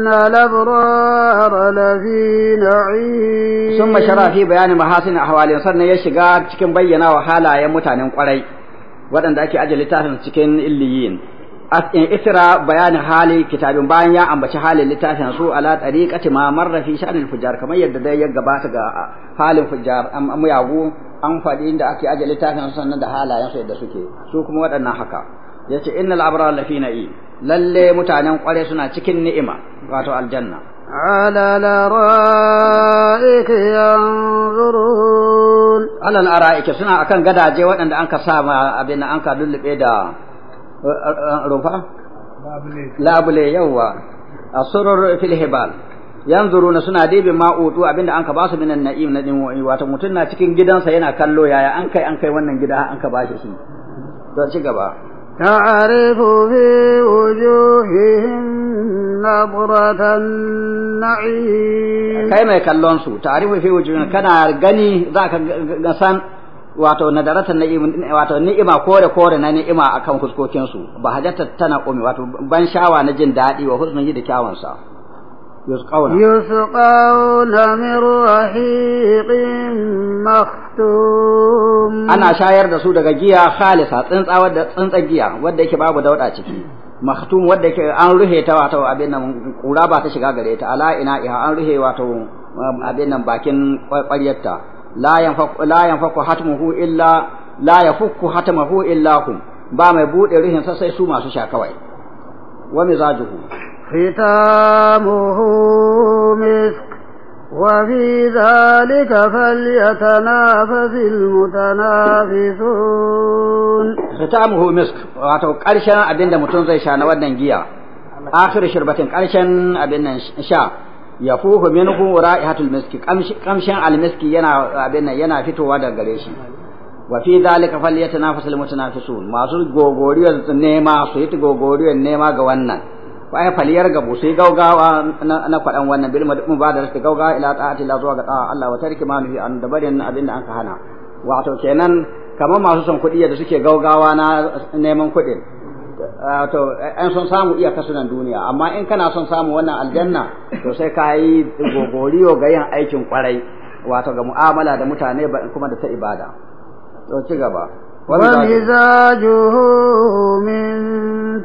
إن الأبرار لفي bayanin ثم شرع في بيان محاسن أحوال صرنا cikin bayyana wa halayen mutanen kwarai waɗanda ake ajiye littafin cikin illiyin in isra bayani hali kitabin bayan ya ambaci halin littafin su ala tariqati ma marra fi fujar kamar yadda dai ya gabata ga halin fujar am muyagu an faɗi inda ake ajiye littafin sannan da halayen su yadda suke su kuma waɗannan haka yace innal abrar lafi na’i lalle mutanen kware suna cikin ni'ima wato aljanna على suna ينظرون على gadaje سنة an ka sa ma abin سامة أبين أنك دل بيدا رفع labule yawa asrur fil hibal yanzuruna suna dibi ma utu abinda ba basu minan na'im na dinwoyi wato mutun na cikin gidansa yana kallo yaya an kai an kai wannan gida an ka bashi shi to ci gaba تعرف في وجوههم نظرة النعيم كيما يكلون سو تعرف في وجوههم كان أرغني ذاك غسان wato nadaratan na'im wato ni'ima kore kore na ni'ima akan kuskokin su ba hajjata tana umi wato ban shawa na jin daɗi wa husnun yi da kyawun sa يسقون يسقون من رحيق مختوم انا da su daga giya khalisa tsuntsa wadda tsuntsa giya wadda yake babu dauda ciki mahtum wadda an ruhe ta wato abin nan kura ba ta shiga gare ta ala ina iha an ruhe wato abin nan bakin kwaryarta la yanfaku la illa ba mai buɗe ruhin sa su masu sha kawai wa mizajuhu ختامه مسك وفي ذلك فليتنافس المتنافسون ختامه مسك wato ƙarshen abinda mutum zai sha na wannan giya akhir shirbatin ƙarshen abin nan sha ya fuhu minhu ra'ihatul miski kamshin almiski yana abin nan yana fitowa daga gare shi wa fi dhalika falyatanafasul mutanafisun masu gogoriyar nema su yi gogoriyar nema ga wannan ai faliyar ga sai gaugawa na faɗan wannan bil mad'um ba da rashin gaugawa ila ta'ati la zuwa ga ta'a Allah wa tariki ma nuhi an dabarin abin da anka hana wato kenan kamar masu son kuɗi da suke gaugawa na neman kuɗin to an son samu iya nan duniya amma in kana son samu wannan aljanna to sai ka yi gogoriyo ga yin aikin kwarai wato ga mu'amala da mutane kuma da ta ibada to ci gaba ومزاجه من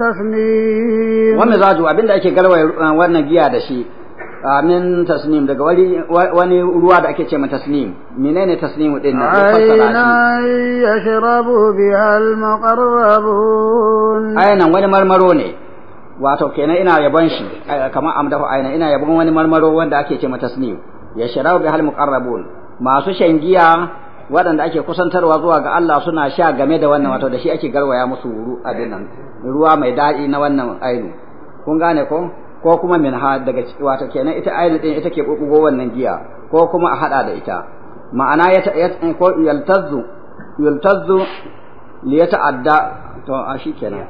تسنيم ومزاجه abinda ake garwaya uh, wannan giya da shi uh, min tasnim daga wani ruwa da ake ce ma tasnim menene tasnim din nan fassara shi yashrabu biha al-muqarrabun aina wani marmaro ne wato kenan ina yabon shi uh, kamar amdahu aina ina yabon wani marmaro wanda ake ce ma tasnim yashrabu biha al-muqarrabun masu shan giya waɗanda ake kusantarwa zuwa ga Allah suna sha game da wannan wato da shi ake garwaya musu wuru a nan ruwa mai daɗi na wannan ainu kun gane ko ko kuma ha daga ciki wato kenan ita ainu din ita ke bubugo wannan giya ko kuma a hada da ita ma'ana ya ko yaltazzu yaltazzu li yata'adda to a shi kenan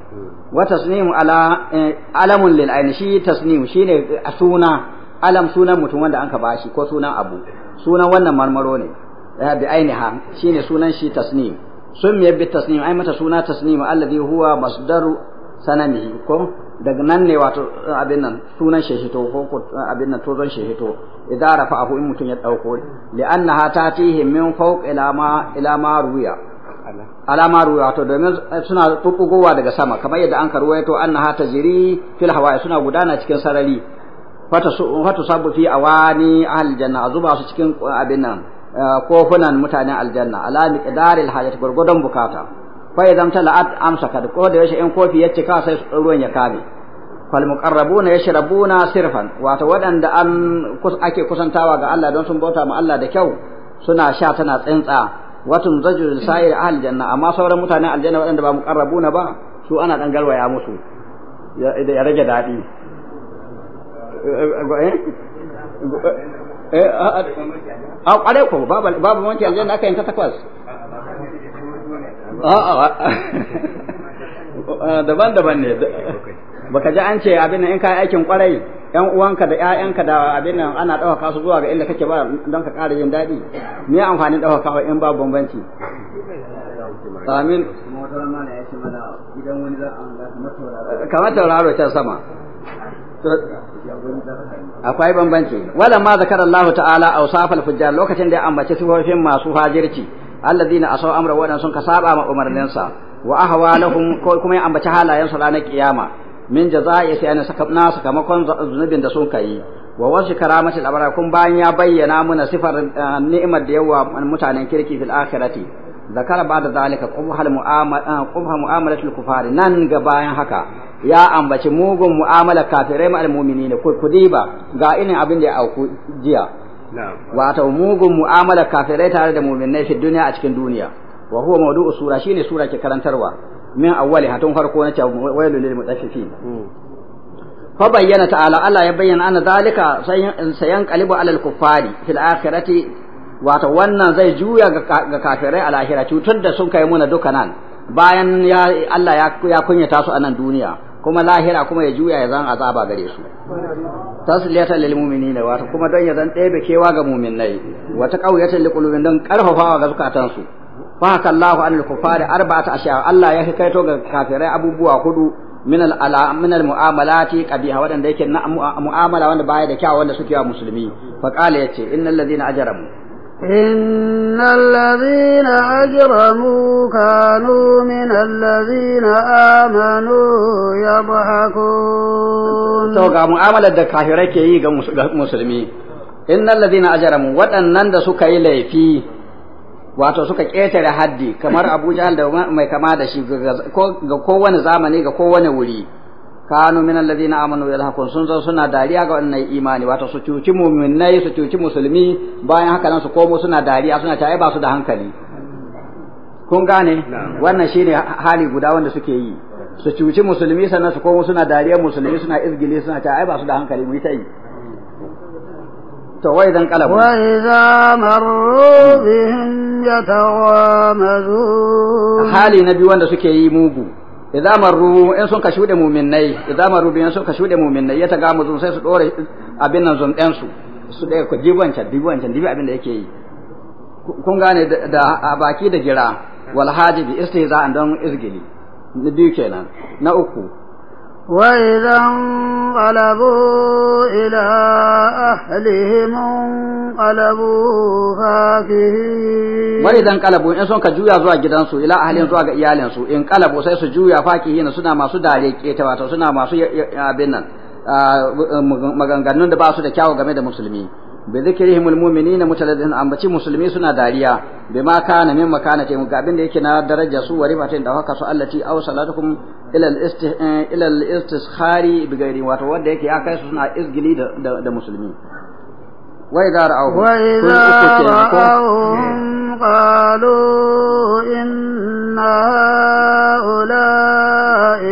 wa tasnimu ala eh, alamun lil aini shi tasnimu shine suna alam sunan mutum wanda anka bashi ko sunan abu sunan wannan marmaro ne bi ainiha shine sunan shi tasnim sun miyar bi tasnim ai mata suna tasnim alladhi huwa masdaru sanamihi ko daga nan ne wato abin nan sunan shehito ko abin nan tozon shehito idan rafa ahu in mutum ya dauko li'annaha tatihi min fawq ila ma ila ma ruya alama ruwa to domin suna tukugowa daga sama kamar yadda an karuwa to annaha tajri fil hawa'i suna gudana cikin sarari fata su fata sabu fi awani ahl janna azuba su cikin abin nan kofunan mutanen aljanna ala miqdaril hajat gurgudan bukata fa idan tala'at kad ko da yashi in kofi ya cika sai ruwan ya kame fal muqarrabuna yashrabuna sirfan wato waɗanda an ake kusantawa ga Allah don sun bauta ma Allah da kyau suna sha tana tsintsa watun zajul sa'ir ahli janna amma sauran mutanen aljanna waɗanda ba muqarrabuna ba su ana dan galwaya musu ya rage daɗi Eh, a kware ko babu wanke aljanna aka yanka takwas daban-daban ne baka ji an ce abin in kai aikin kwarai yan uwanka da ƴaƴanka da abin nan ana ɗaukaka su zuwa ga inda kake ba don ka ƙara yin daɗi me amfanin ɗaukakawa in babu bambanci amin kamar tauraro can sama akwai bambanci wala ma zakara Allah ta'ala awsafal fujjar lokacin da ya ambace sifofin masu fajirci alladhina asaw amra wadan sun kasaba ma umarnin sa wa ahwalahum ko kuma ya ambace halayen su ranar kiyama min jazaa'i sai an saka na sakamakon zunubin da sun kai wa wasu karamati al kun bayan ya bayyana muna sifar eh, ni'imar da yawa mutanen kirki fil akhirati zakara ba da zalika qubha eh, al mu'amalatul kufari nan ga bayan haka ya ambaci mugun mu'amala kafirai ma almu'minin ku diba ga ina abin da ya auku jiya wato mugun mu'amala kafirai tare da mu'minai fi duniya a cikin duniya wa huwa mawdu'u sura shine sura ke karantarwa min awwali hatun farko na wailul lil mutaffifin hmm. fa bayyana ta'ala Allah ya bayyana ana zalika sayan qalibu alal kuffari fil akhirati wato wannan zai juya ga kafirai a lahira cutar da sun kai muna duka nan bayan ya Allah ya kunyata su a nan duniya kuma lahira kuma ya juya ya zan azaba gare su tasliyatan lil mu'minina wato kuma don ya zan ɗebe kewa ga mu'minai wata qawiyatan lil qulubin don karfafawa ga zukatan su fa haka Allahu anil kufari arba'ata ashiya Allah ya kaito ga kafirai abubuwa hudu min al ala min al mu'amalati qabiha wadanda yake na mu'amala wanda baya da kyawa wanda suke wa musulmi fa qala yace innal ladina ajramu إن الذين أجرموا كانوا من الذين آمنوا يضحكون to ga mu'amalar da kafirai ke yi ga musulmi innal ladina ajramu waɗannan da suka yi laifi wato suka ƙetare haddi kamar Abu Jahl da mai kama da shi ga kowane zamani ga kowane wuri kanu min alladhina amanu yalhaqun sun zo suna dariya ga wannan imani wato su cuci mu'minai su cuci musulmi bayan haka nan su komo suna dariya suna ta ba su da hankali kun gane wannan shine hali guda wanda suke yi su cuci musulmi sannan su komo suna dariya musulmi suna izgili suna ta ba su da hankali mu ta yi to wai dan kalabu wa idza marru bihim yatawamazun hali na biyu wanda suke yi mugu idza marru in sun ka shude mu'minnai idza marru in sun ka shude mu'minnai ya taga mutum sai su dore abin nan zon ɗan su su ɗaya ku dibi wancan dibi wancan dibi abin da yake yi kun gane da baki da gira wal hajibi istihza'an don izgili na biyu kenan na uku وإذا انقلبوا إلى أهلهم انقلبوا فاكهين وإذا انقلبوا إن سنك جويا زوا جدانسو إلى أهلهم زوا إيالنسو انقلبوا سيسو جويا فاكهين سنة ما عليك إتواتا سنة ما سيابنن maganganun da ba su da kyawu game da musulmi bi zikrihim almu'minina mutaladdihin ambaci musulmi suna dariya bi ma kana min makana ga abin da yake na daraja su wa rifatin da haka su allati ilal istikhari eh, bi gairi wato wanda yake ya kai su suna izgili da musulmi wai idza ra'awhum wai idza ra'awhum eh. qalu inna ula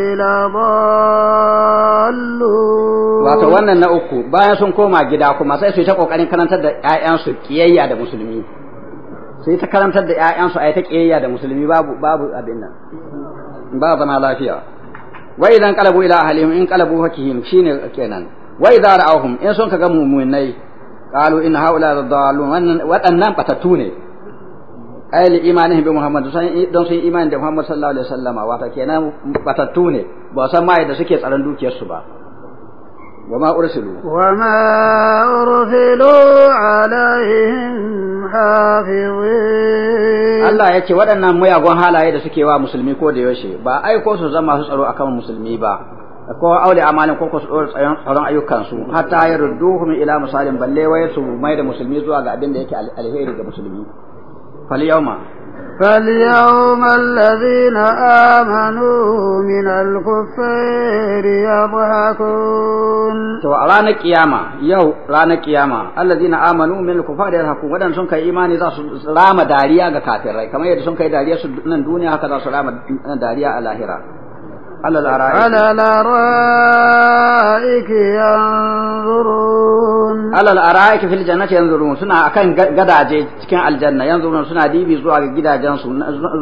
ila dallu wato wannan na uku bayan sun koma gida kuma sai su yi ta kokarin karantar da ƴaƴansu kiyayya da musulmi su yi ta karantar da ƴaƴansu a yi ta kiyayya da musulmi babu babu abin nan ba zama lafiya wa idan qalabu ila ahlihim in qalabu hakihim shine kenan wa idza ra'awhum in sun kaga mu'minai qalu in haula dhalun wa wadannan batatu ne ay li bi muhammad don sun imani da muhammad sallallahu alaihi wasallama wato kenan batatu ne ba san mai da suke tsaron dukiyar su ba وما أرسلوا وما أرسلوا عليهم حافظين الله يكي ودنا ميا قوان هالا da suke wa musulmi ko da yaushe ba aiko su zama su tsaro akan musulmi ba ko aure amalin ko su tsoro tsaron ayyukan su hatta ya rudduhum ila musalim balle wai su mai da musulmi zuwa ga abin da yake alheri ga musulmi fal yawma فاليوم الذين آمنوا من الكفار يضحكون تو رانا قيامة يو رانا قيامة الذين آمنوا من الكفار يضحكون ودن سنك إيماني ذا سلام داريا كافر كما يد سنك داريا سنن دنيا هكذا سلام داريا الاهرة على الأرائك على الأرائك ينظرون على الأرائك في الجنة ينظرون سنة أكن قدع كان الجنة ينظرون سنة دي بزوا جدا جن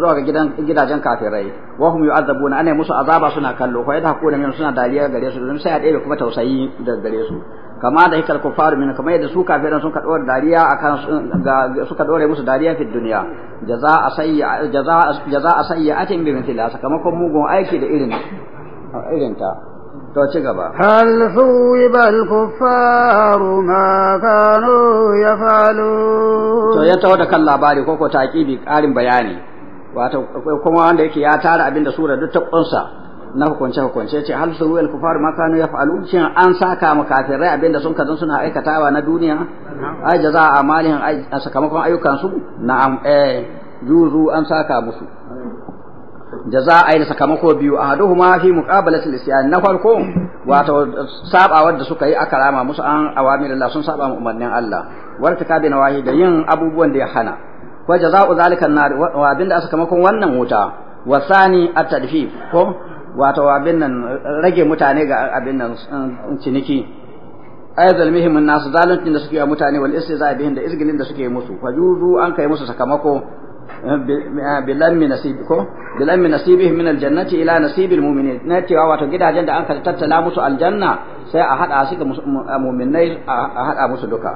زوا جدا جدا جن كافرين وهم يعذبون أنا موسى عذاب سنة كله وإذا كنا من سنة دالية غريسو سنة دالية كما توسعي غريسو kama da hikal kufaru min kama yadda su kafiran sun kadore dariya akan suka dore musu dariya fi duniya jaza asayya jaza jaza asayyatin a mithla sakamakon mugun aiki da irin irin ta to ci gaba hal suwiba al ma kanu yafalu to ya tawo da kan labari ko ko taqibi karin bayani wato kuma wanda yake ya tara abinda sura duk ta kunsa na hukunce hukunce ce hal su ruwal kufar ma kanu yaf'alu shin an saka mu kafirai abinda sun kazan suna aikatawa na duniya ai jaza amalin a sakamakon ayyukan su na'am eh juzu an saka musu jaza ai da sakamako biyu a ma fi muqabalati al-isyan na farko wato sabawar da suka yi aka rama musu an awamirillah sun saba mu umarnin Allah warta wartaka bi nawahi da yin abubuwan da ya hana ko jaza'u zalika an-nar wa abinda sakamakon wannan wuta wasani at-tadfif ko wato abin nan rage mutane ga abin nan um, ciniki ayyadal muhimmin nasu zaluncin da suke wa mutane wal za bihin da izgilin da suke musu fajuzu an kai musu sakamako eh, eh, bilan min nasibi ko min nasibihim min aljannati ila nasibil mu'minin na cewa wato gidajen da an ka tattala musu aljanna sai a hada su ga mu'minai a hada musu duka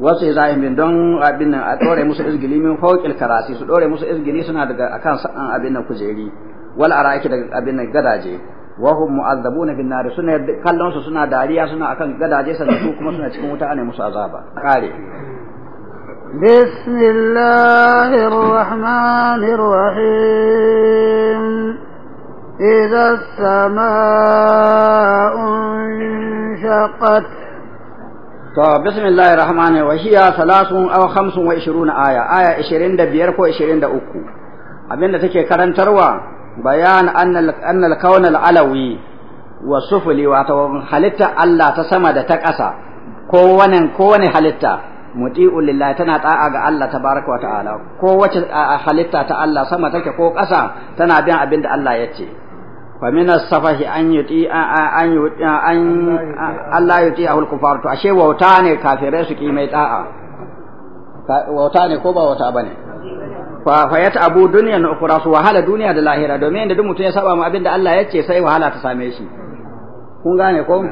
wasu za zahimin don abin nan a dore musu izgili min fawqil karasi su dore musu izgili suna daga akan abin nan kujeri wal ara'iki daga abin gadaje wa hum mu'azzabuna fin nar suna kallon su suna dariya suna akan gadaje sannan su kuma suna cikin wuta ana musu azaba kare بسم الله الرحمن الرحيم إذا السماء انشقت to bismillahir rahmanir rahim hiya salasun aw khamsun wa ishiruna aya aya 25 ko 23 abinda take karantarwa bayan annal kaunal al’alawi wa sufuli wato halitta Allah ta sama da ta ƙasa kowane kowane halitta muti'u lillahi tana ta'a ga Allah tabaraka wa ta'ala kowace halitta ta Allah sama take ko ƙasa tana bin abin da Allah ya ce fa min as-safahi an yuti an yuti an Allah yuti ahul kufar to ashe wauta ne kafirai su ki mai ta'a wauta ne ko ba wauta bane fa fayat abu duniya na ukura su wahala duniya da lahira domin inda duk mutum ya saba mu abin da Allah ya ce sai wahala ta same shi kun gane ko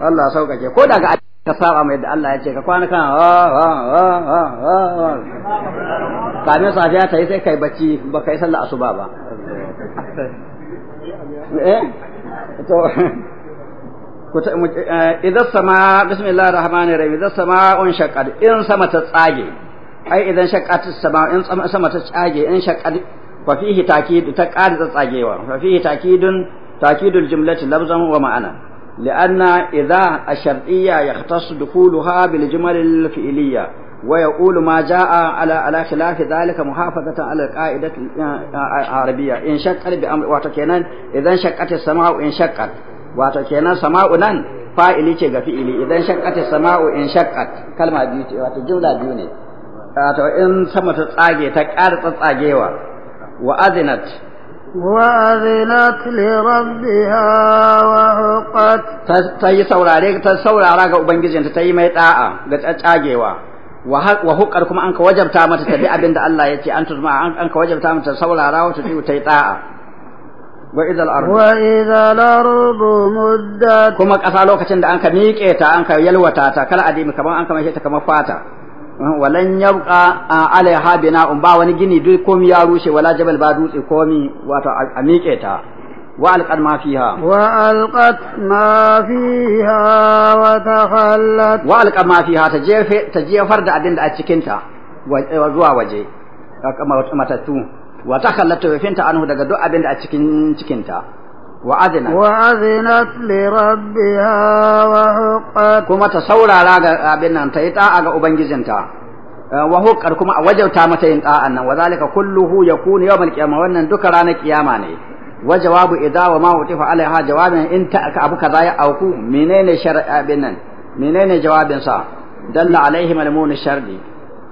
Allah sauƙaƙe ko daga ka saba mai da Allah ya ce ka kwana kan ah, ah, ah, kamin safiya ta yi sai kai bacci ba kai sallah asuba ba eh to eh, idan sama bismillahir rahmanir rahim idan sama un shaqqad in sama ta tsage ai idan shaqqat as-sama in sama ta tsage in shaqqat fa fihi takid ta qad tsagewa fa fihi takidun takidul jumlati lafzan wa ma'ana li'anna idza ash-shartiyya yahtassu dukhuluha bil jumal al-fi'liyya ويقول ما جاء على على خلاف ذلك محافظة على القاعدة العربية إن شقت بأمر واتكينا إذا شقت السماء إن شقت واتكينا سماء نن فاعل ce ga fi'ili idan shaqqat as-sama'u in shaqqat kalma biyu ce wato jumla biyu ne wato in sama ta tsage ta ƙara tsatsagewa wa azinat wa azinat li rabbiha wa huqat ta yi saurare ta saurara ga ubangijinta ta yi mai da'a ga tsatsagewa wa huqar kuma an ka wajabta mata ta bi abinda Allah ya ce an tuzma an ka wajabta mata saurara wata ta yi da'a وإذا الأرض وإذا الأرض مدت كما قصا لوكacin da ka miƙe ta anka yalwata ta kala adimi kaman anka mai ta kaman fata Mhm. walan yabqa alaiha bina um ba wani gini duk komi ya rushe wala jabal ba dutse komi wato a ta wa alqad ma fiha wa alqad ma fiha wa takhallat wa alqad ma fiha ta jefe ta jefar da abin da a cikin ta e, zuwa waje kamar matattu wa takhallat ta fenta anhu daga duk abin da a cikin cikin ta وأذنت وأذنت لربها وحقت كما تسورا لا أبنا أنت إتاء أبنجز أنت وحقت كما وجبت متى إتاء وذلك كله يكون يوم القيامة وأن ذكران قيامة وجواب إذا وما وطف عليها جواب إن تأك أبو كذا أوكو منين شر أبنا منين جواب صار دل عليهم المون الشردي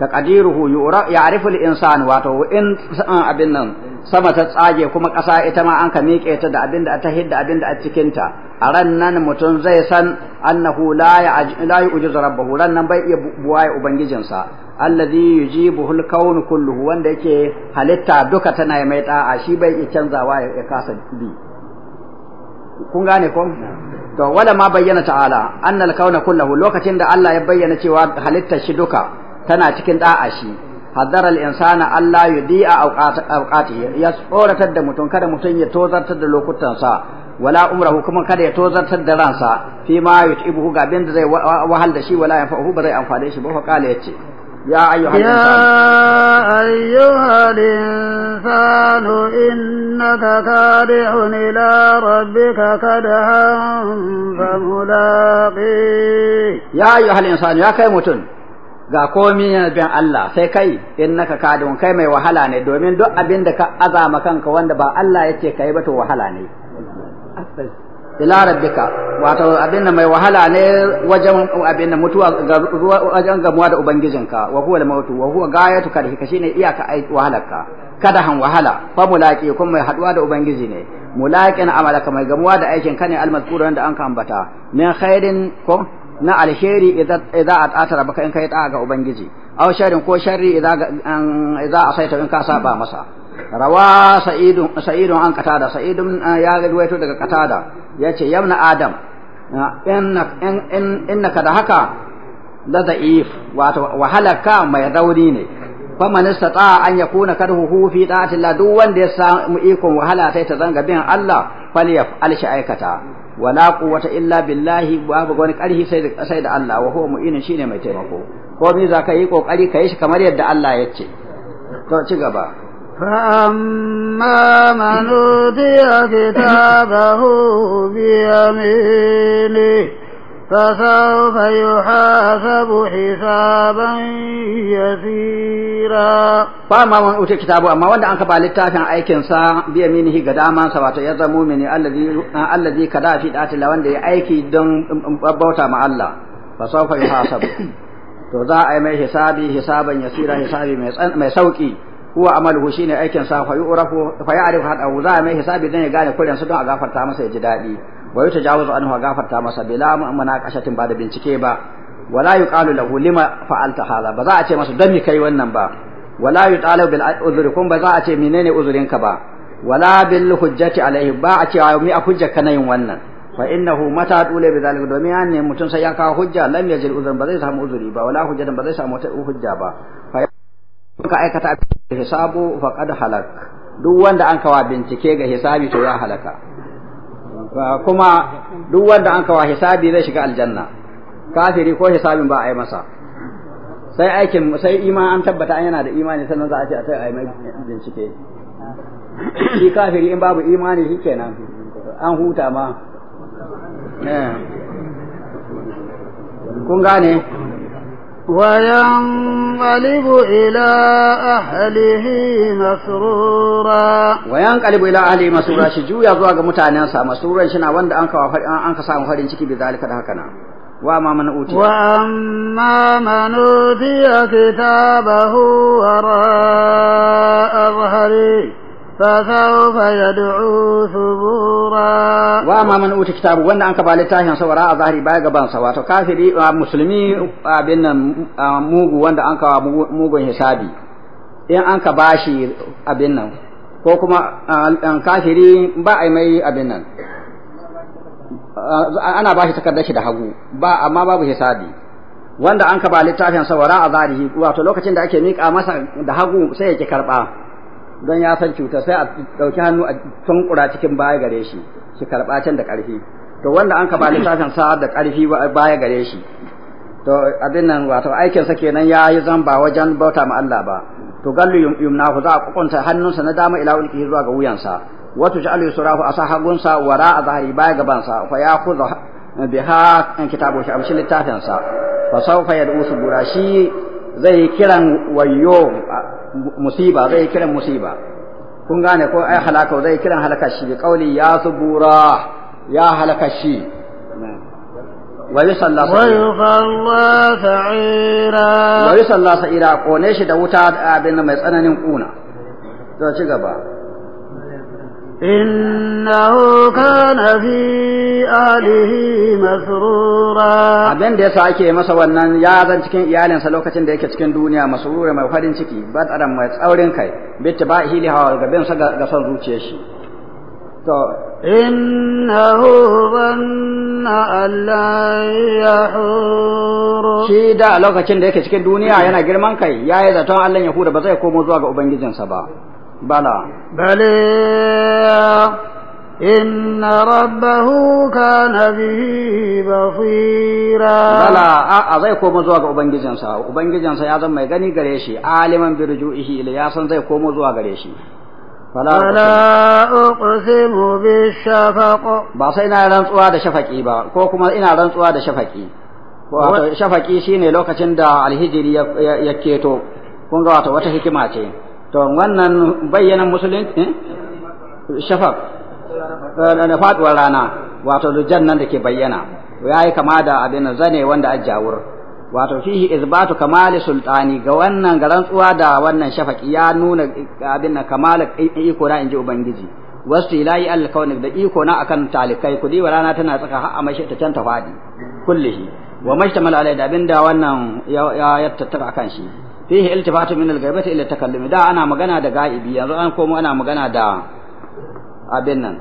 taqdiruhu ya'rifu al-insan wato in ah, abin nan sama ta tsage kuma ƙasa ita ma an ka miƙe ta da abin da ta hidda abin da a cikin ta a ran nan mutum zai san annahu la la yu'jizu rabbahu ran nan bai iya buwaye ubangijinsa allazi yujibuhu al-kawn kulluhu wanda yake halitta duka tana mai da'a shi bai iya canzawa ya kasa bi kun gane ko to wala ma bayyana ta'ala annal al-kawna kulluhu lokacin da Allah ya bayyana cewa halitta shi duka tana cikin da'a shi haddar al-insana Allah yudi'a awqatihi ya tsoratar da mutum kada mutum ya tozartar da lokutansa wala umrahu kuma kada ya tozartar da ransa fi ma yutibuhu ga bin da zai wahal da shi wala yanfa'uhu ba zai amfane shi ba fa kala yace يا أيها الإنسان يا أيها الإنسان إنك كادح إلى ربك كدحا فملاقيه يا أيها الإنسان يا كيمتن ga komi yana bin Allah sai kai in naka kadun kai mai wahala ne domin duk abin da ka azama kanka wanda ba Allah yake kai ba to wahala ne ila rabbika wato abin da mai wahala ne wajen abin da mutuwa wajen gamuwa da ubangijinka wa huwa al-mautu wa huwa gayatu kashi shine iyaka ai wahalarka kada han wahala fa mulaqi kun mai haduwa da ubangiji ne mulaqin amalaka mai gamuwa da aikin ka ne al-mazkur da an ka ambata min khairin ko na alheri idza at'ata rabbaka in kai ta'a ga ubangiji aw sharin ko sharri idza a saita in ka saba masa rawa sa'idun sa'idun an katada. sa'idun ah, ya gadwaito daga qatada yace yabna adam ah, innaka da haka da da'if wato wahalaka mai rauni ne faman istata an yakuna karhuhu fi ta'ati duk wanda ya samu ikon wahala sai ta zanga bin Allah falyaf alshi aikata wala quwwata illa billahi babu wani karhi sai da sai da Allah wa huwa mu'inun shine mai taimako ko me za ka yi kokari ka yi shi kamar yadda Allah ya ce to ci gaba فأما من أوتي كتابه بيمينه فسوف يحاسب حسابا يسيرا فما من أوتي كتابه أما وند أنك بالتافع أي كنسا بيمينه قداما سوات يظلم من الذي الذي كدا في ذات لوند أيكي دون بوتا مع الله فسوف يحاسب to za a yi mai hisabi hisaban yasira hisabi mai sauki huwa amaluhu shine aikin sa fa yu'rafu fa ya'rifu za a yi mai hisabi dan ya gane kuren su don a gafarta masa ya ji daɗi wa yutajawazu anhu gafarta masa bila munaqashatin ba da bincike ba wala yuqalu lahu lima fa'alta hadha ba za a ce masa dan mi kai wannan ba wala yutalu bil uzri kun ba za a ce menene uzurinka ba wala bil hujjati alaihi ba a ce mi a hujjarka na yin wannan fa innahu mata dule bi zalika domin an ne mutum sai ya kawo hujja lam yajil uzran ba zai samu uzuri ba wala hujjatan ba zai samu wata hujja ba fa ka aikata hisabu faqad halak duk wanda an kawa bincike ga hisabi to ya halaka kuma duk wanda an kawo hisabi zai shiga aljanna kafiri ko hisabin ba a yi masa sai aikin sai iman an tabbata an yana da imani sannan za a ce a sai a yi mai bincike shi kafiri in babu imani shi kenan an huta ma eh. kun gane وينقلب إلى أهله مسرورا وينقلب إلى أهله مسرورا شجو يزوى متعنسا مسرورا شنا واند أنك أنك سام فرين شكي بذلك دهكنا وأما من أوتي وأما من أوتي كتابه وراء ظهري فسوف يدعو ثبورا وما من اوتي كتابه وانا انك بالتاهن سورا ظهري باي غبان سوا تو كافري مسلمي ابن موغو وانا انك موغو حسابي ان an ka ابن abin nan ko kuma kafiri ba a mai abin nan ana bashi takardar shi da hagu ba amma babu hisabi wanda an ka ba littafin sawara a zarihi wato lokacin da ake miƙa masa da hagu sai yake karɓa don ya san cuta sai a ɗauki hannu a tunkura cikin baya gare shi shi karɓa can da ƙarfi to wanda an ka ba littafin sa da ƙarfi baya gare shi to abin nan wato aikin sa kenan ya yi zan ba wajen bauta ma Allah ba to gallu yumnahu za a kukunta hannunsa na dama ila ulki zuwa ga wuyansa wato asa hagun sa wara a zahari baya gabansa fa ya khudha biha kitabu shi amshi littafin sa fa sawfa yad'u subura shi zai yi kiran wayo musiba zai yi kiran musiba kun gane ko ai halaka zai yi kiran halaka shi bi qauli ya subura ya halaka shi wa yusalla sa'ira wa yusalla sa'ira kone shi da wuta abin mai tsananin kuna to ci gaba Inna kana fi alihi masrura abin da yasa ake masa wannan ya cikin iyalinsa lokacin da yake cikin duniya masrura mai farin ciki ba tsaran mai tsaurin kai bitta ba hili hawa ga bin sa ga son zuciyar shi to innahu banna allan shi da lokacin da yake cikin duniya yana girman kai yayi zaton Allah yahuda hura ba zai komo zuwa ga ubangijinsa ba بلى بل إن ربه كان به بصيرا بلى أزاي كوم زوا ga ubangijansa ubangijansa ya zama mai gani gare shi aliman bi rujuihi ila ya san zai komo zuwa gare shi fala uqsimu bi shafaq ba sai ina rantsuwa da shafaqi ba ko kuma ina rantsuwa da shafaqi wato shine lokacin da alhijiri ya keto kun wata hikima ce to wannan bayyana musulunci eh? shafaq eh, da faduwar rana wato lujan nan da ke bayyana ya yi kama da abin zane wanda ajjawur wato fihi izbatu kamali sultani ga wannan ga rantsuwa da wannan shafaki ya nuna abin na kamala iko na inji ubangiji wasu ilahi alkauni da iko na akan talikai kudi wa rana tana tsaka har a mashi ta can ta faɗi kullihi wa mashtamal alai da abin da wannan ya tattara akan shi fihi iltifatu min al-ghaibati ila takallumi da ana magana da ga'ibi yanzu an komo ana magana da abin nan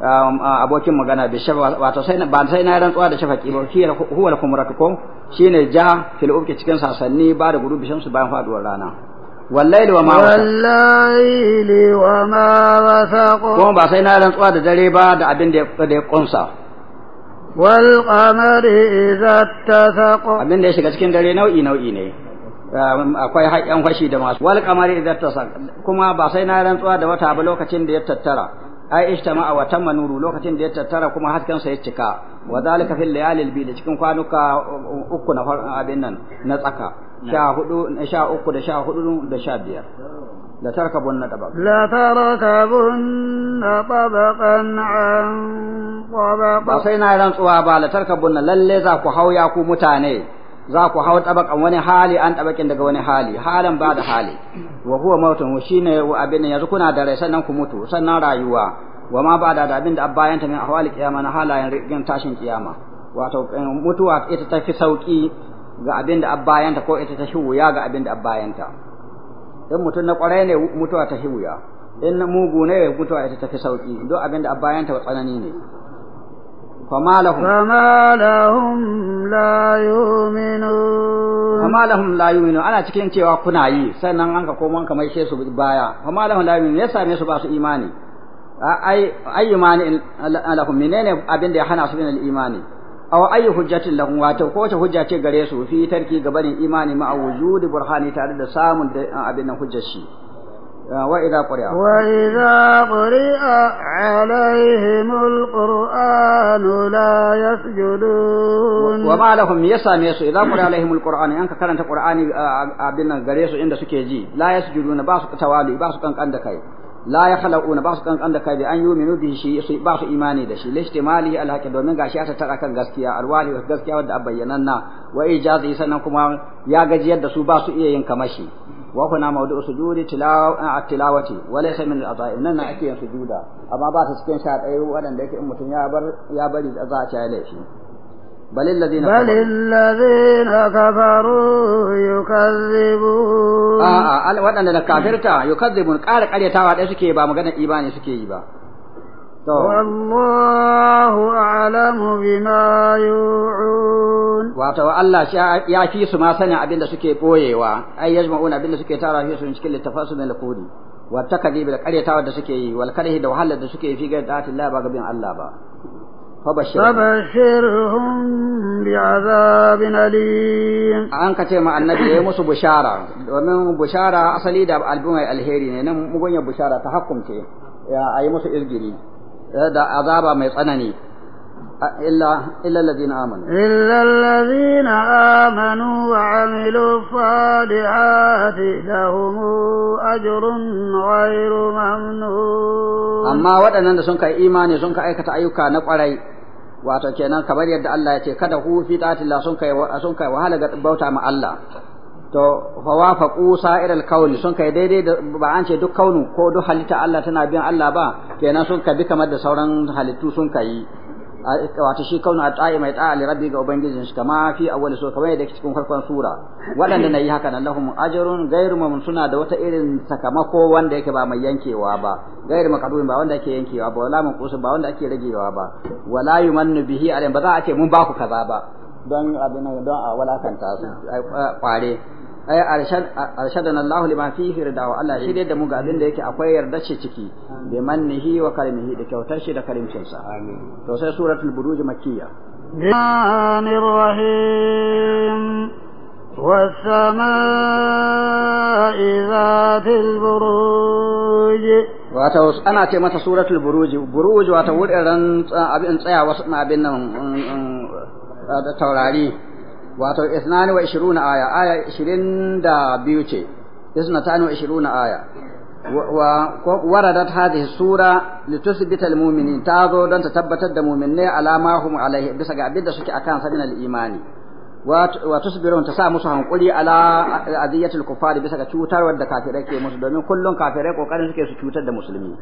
um, abokin magana bi shafa wato sai ba sai na rantsuwa da shafaqi ba shi huwa al-kumratu ko shine ja fil ubki cikin sasanni ba da gurubi shamsu bayan faduwar rana wallahi wa ma wallahi wa ma wasaq kuma ba sai na rantsuwa da dare ba da abin da ya kunsa wal qamari idza tasaqa abin da ya shiga cikin dare nau'i nau'i ne Um, akwai yan fashi da masu wal kamari idan ta kuma ba sai na rantsuwa da wata ba lokacin da ya tattara ai ishtama'a wa tamma nuru lokacin da ya tattara kuma hasken sa ya cika wa zalika fil layalil bi da cikin kwanuka uku na abin nan na tsaka sha hudu sha uku da sha hudu da sha biyar la tarkabunna tabaq la tarkabunna tabaqan an tabaq ba sai na rantsuwa ba la tarkabunna lalle za ku hauya ku mutane za ku hau tabakan wani hali an tabakin daga wani hali halan ba da hali wa huwa mautun shine abin yanzu kuna da rai sannan ku mutu sannan rayuwa wa ma ba da abin da bayan ta min ahwali kiyama na halayen rigin tashin kiyama wato eh, mutuwa ita ta fi sauki ga abin da bayan ko ita ta wuya ga abin da bayan ta in mutum na kwarai ne mutuwa ta wuya in mugu ne mutuwa ita ta fi sauki duk abin da bayan ta tsanani ne فما لهم فما لهم لا يؤمنون فما لهم لا يؤمنون ana cikin cewa kuna yi sannan an ka komo ka maishe su baya fama lahum la yu'minun ya same su ba su imani ai ai imani lahum menene abin da ya hana su min imani aw ayi hujjatin lahum wato ko wace hujja ce gare su fi tarki gabanin imani ma'a wujudi burhani tare da samun abin nan hujjar shi وإذا قرئ وإذا قرئ عليهم القرآن لا يسجدون وما لهم يسا ميسو إذا قرئ عليهم القرآن أنك كانت القرآن عبدنا غريسو عند سكيجي لا يسجدون باسو توالي باسو كان عندك la ya khala'una ba su kankan da kai bi an yuminu bi shi su ba su imani da shi lishtimali alhaqi domin gashi ya tattara kan gaskiya alwali wa gaskiya wadda abbayyananna wa kuma ya gajiyar da su basu iya yin kamashi وهنا موضوع سجود التلاوة وليس من الأضاء إننا أكيد سجودا أما بعد سكين شاد أي وأنا لك أمتي يا بر يا بر الأضاء عليه بل الذين بل الذين كفروا يكذبون آه آه وأنا لك كافرتا يكذبون قال قال يتاوى أسكي با مغنى إيباني سكي با wallahu a'lamu bima yu'un wato Allah ya fi su ma sanin abin da suke boyewa ai yajma'una abin da suke tara fi su cikin littafasu mai lakudi wa takadibi da karyatawa suke yi wal karhi da wahalar da suke yi Allah ba فبشرهم بعذاب أليم an kace ma annabi yayi musu bushara domin bushara asali da albumai alheri ne na mugunyar bushara ta hakkumce irgiri Eh, da azaba mai tsanani illa lalazi na amanu illa lalazi na amanu wa amilu fadi ati da humu ajirun wairu mamnu amma waɗannan da sun kai imani sun ka aikata ayyuka na ƙwarai wato kenan kamar yadda Allah ya ce kada hufi ta tilla sun kai wahala ga bauta ma Allah to fawafaqu sa'ir al-kawn sun kai daidai da ba an ce duk kaunu ko duk halitta Allah tana bin Allah ba kenan sun kai kamar da sauran halittu sun kai wato shi kaunu a ta'i mai ta'a li rabbi ga ubangijin shi kama fi awwal sura kamar yadda cikin farkon sura waɗanda nayi haka nan lahum ajrun ghairu mamun suna da wata irin sakamako wanda yake ba mai yankewa ba ghairu maqdurin ba wanda yake yankewa ba wala manqusun ba wanda ake ragewa ba wala yumannu bihi alayhim ba za a ce mun ba ku kaza ba don abin don a walakanta su kware ay arshadana Allahu liman fihi ridawa Allah shi da mu ga abin da yake akwai yarda ce ciki bi mannihi wa karimihi da kyautar shi da karimcin sa amin to sai suratul buruj makkiya anir rahim والسماء ذات البروج wato ana ce mata suratul buruj buruj wato wurin abin tsaya wasu abin nan mm, mm, taurari wato isnani wa ishiruna aya aya ishirin da biyu ce isnatani wa ishiruna aya wa waradat hadhihi sura litusbita almu'minin ta zo don ta tabbatar da mu'minnai alama hum alaihi bisa ga da suke akan sabina al-imani wa tusbirun ta sa musu hankuli ala aziyatul kufari bisa ga cutar da kafirai ke musu domin kullum kafirai kokarin suke su cutar da musulmi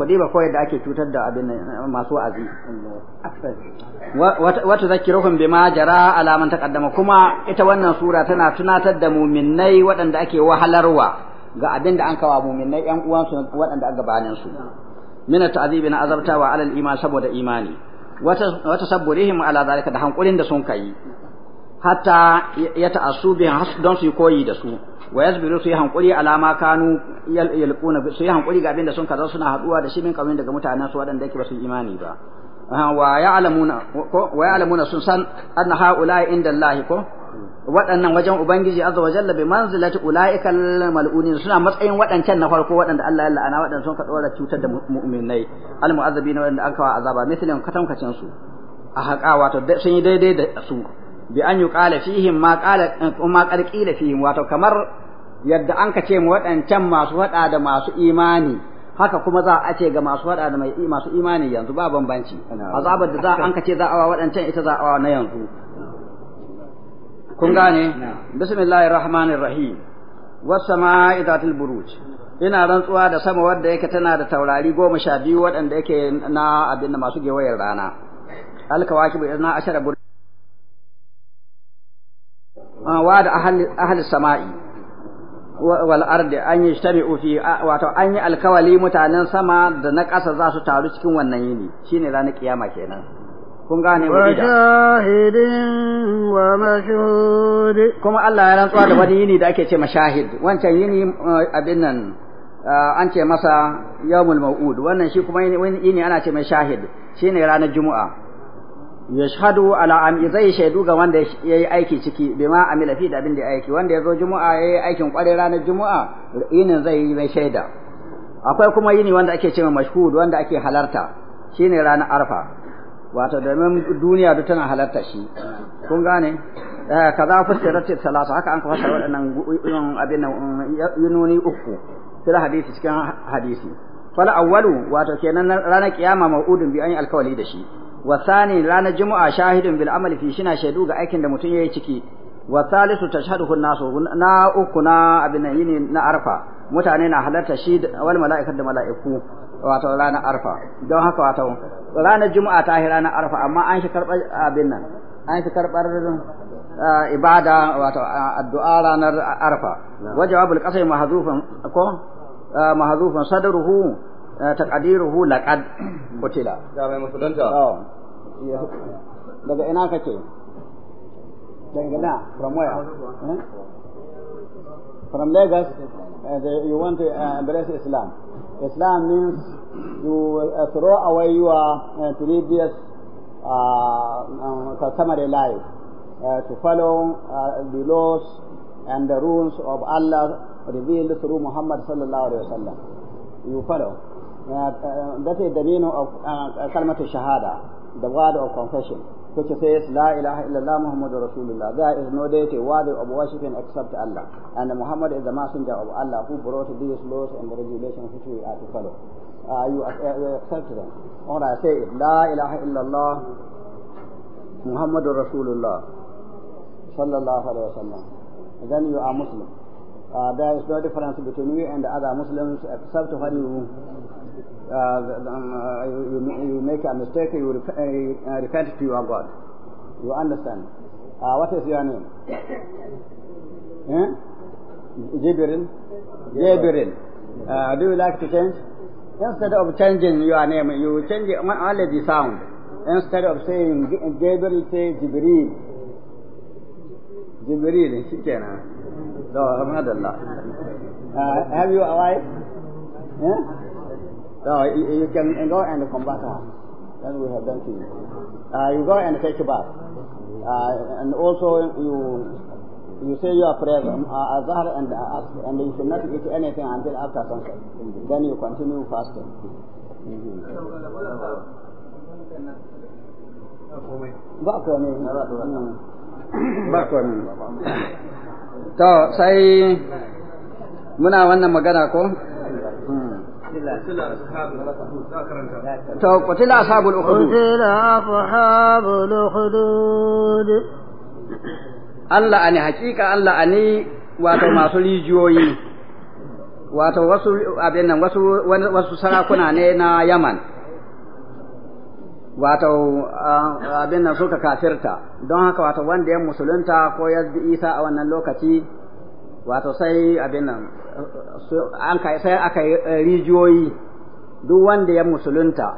kudi ba kawai da ake cutar da abin masu azi wa tuzakkiruhum bima jara ala man taqaddama kuma ita wannan sura tana tunatar da muminnai waɗanda ake wahalarwa ga abin da an kawa muminnai ƴan uwansu waɗanda aka gabanin su min ta'zibi na azabtawa alal iman saboda imani wata saburihim ala zalika da hankulin da sun kai hatta ya ta'assu bi don su koyi da su wa yasbiru su yi hankuri alama kanu yalquna su yi hankuri ga abinda sun kaza suna haduwa da shi min kawai daga mutanen su waɗanda yake ba su imani ba wa ya'lamuna ko wa ya'lamuna sun san anna haula inda Allah ko waɗannan wajen ubangiji azza wa jalla bi manzilati ulaikal mal'unin suna matsayin waɗancan na farko waɗanda Allah ya la'ana waɗanda sun ka dora cutar da mu'minai al mu'azzabina waɗanda aka wa azaba mislin katankacin su a haƙa wato sun yi daidai da su bi an yi ƙala fihim ma ƙala ƙila eh, fihim wato kamar yadda an ka ce waɗancan masu faɗa da masu imani haka kuma za a ce ga masu faɗa da masu imani yanzu ba bambanci azabar da za an ka ce za a wa waɗancan ita za a wa na yanzu kun gane bismillahir rahmanir rahim was sama'i zatil buruj ina rantsuwa da sama wadda yake tana da taurari goma sha biyu waɗanda yake na abin da masu gewayar rana alkawaki bai na ashara wa da ahli sama'i wal ardi an yajtami'u fi wato an yi alkawali mutanen sama da na ƙasa za su taru cikin wannan yini shine ranar kiyama kenan kun gane wa shahidin wa mashhud kuma Allah ya rantsuwa da wani yini da ake ce mashahid wancan yini uh, abin nan uh, an ce masa yawmul maw'ud wannan shi kuma yini ana ce mai shahid shine ranar juma'a yashhadu ala an zai shaidu ga wanda yayi aiki ciki bima amila fi da abin da aiki wanda yazo juma'a yayi aikin kware ranar juma'a yinin zai yi mai shaida akwai kuma yini wanda ake cewa mashhud wanda ake halarta shine ranar arfa wato domin duniya duk tana halarta shi kun gane eh, kaza ce salasa haka an fasara waɗannan abin nan yununi uku fil hadisi cikin hadisi fal awwalu wato kenan ranar kiyama mau'udun bi an yi alkawali da shi Wasani, sani ranar juma'a shahidun bil amal fi shina shaidu ga aikin da mutum yayi ciki wa salisu tashhaduhu nasu na uku na abin yini na arfa mutane na halarta shi wal mala'ikatu da mala'iku wato ranar arfa don haka wato ranar Jumu'a ta hira na arfa amma an shi karɓar abin nan an shi karɓar ibada wato addu'a ranar arfa wa jawabul qasai mahdhufan ko mahdhufan sadruhu taqdiruhu laqad qutila ga mai musulunta daga ina kake daga from where hmm? from Lagos uh, you want to uh, embrace Islam Islam means you uh, throw away your uh, previous uh, uh, customary life uh, to follow uh, the laws and the rules of Allah revealed through Muhammad sallallahu alaihi wasallam you follow uh, uh, that is the meaning of uh, kalmatu shahada the word of confession which says la ilaha illallah muhammadur rasulullah there is no deity worthy of worshiping except allah and muhammad is the messenger of allah who brought these laws and regulations which we are to follow uh, you, uh, you accept them or i say it la ilaha illallah muhammadur rasulullah sallallahu alaihi wasallam then you are muslim uh, there is no difference between you and the other muslims except when you you, you make a mistake, you, uh, uh, repent to your God. You understand? Uh, what is your name? Eh? Uh, do you like to change? Instead of changing your name, you change only the sound. Instead of saying say Jibril. Jibril, So, alhamdulillah. Uh, have you a wife? Eh? No, you, can go and come back up. Then we have done things. Uh, you go and take a bath. Uh, and also you you say your prayers um, uh, azhar and uh, and you should not eat anything until after sunset. Then you continue fasting. Mm-hmm. Ba komai. To mm. sai muna wannan magana ko? to qutila ashabul ukhdud qutila ashabul ukhdud Allah ani hakika Allah ani wato masu rijiyoyi wato wasu abin nan wasu wasu sarakuna ne na Yaman wato abin nan suka kafirta don haka wato wanda ya musulunta ko ya bi Isa a wannan lokaci wato sai abin nan an kai sai aka yi eh, rijiyoyi duk wanda ya musulunta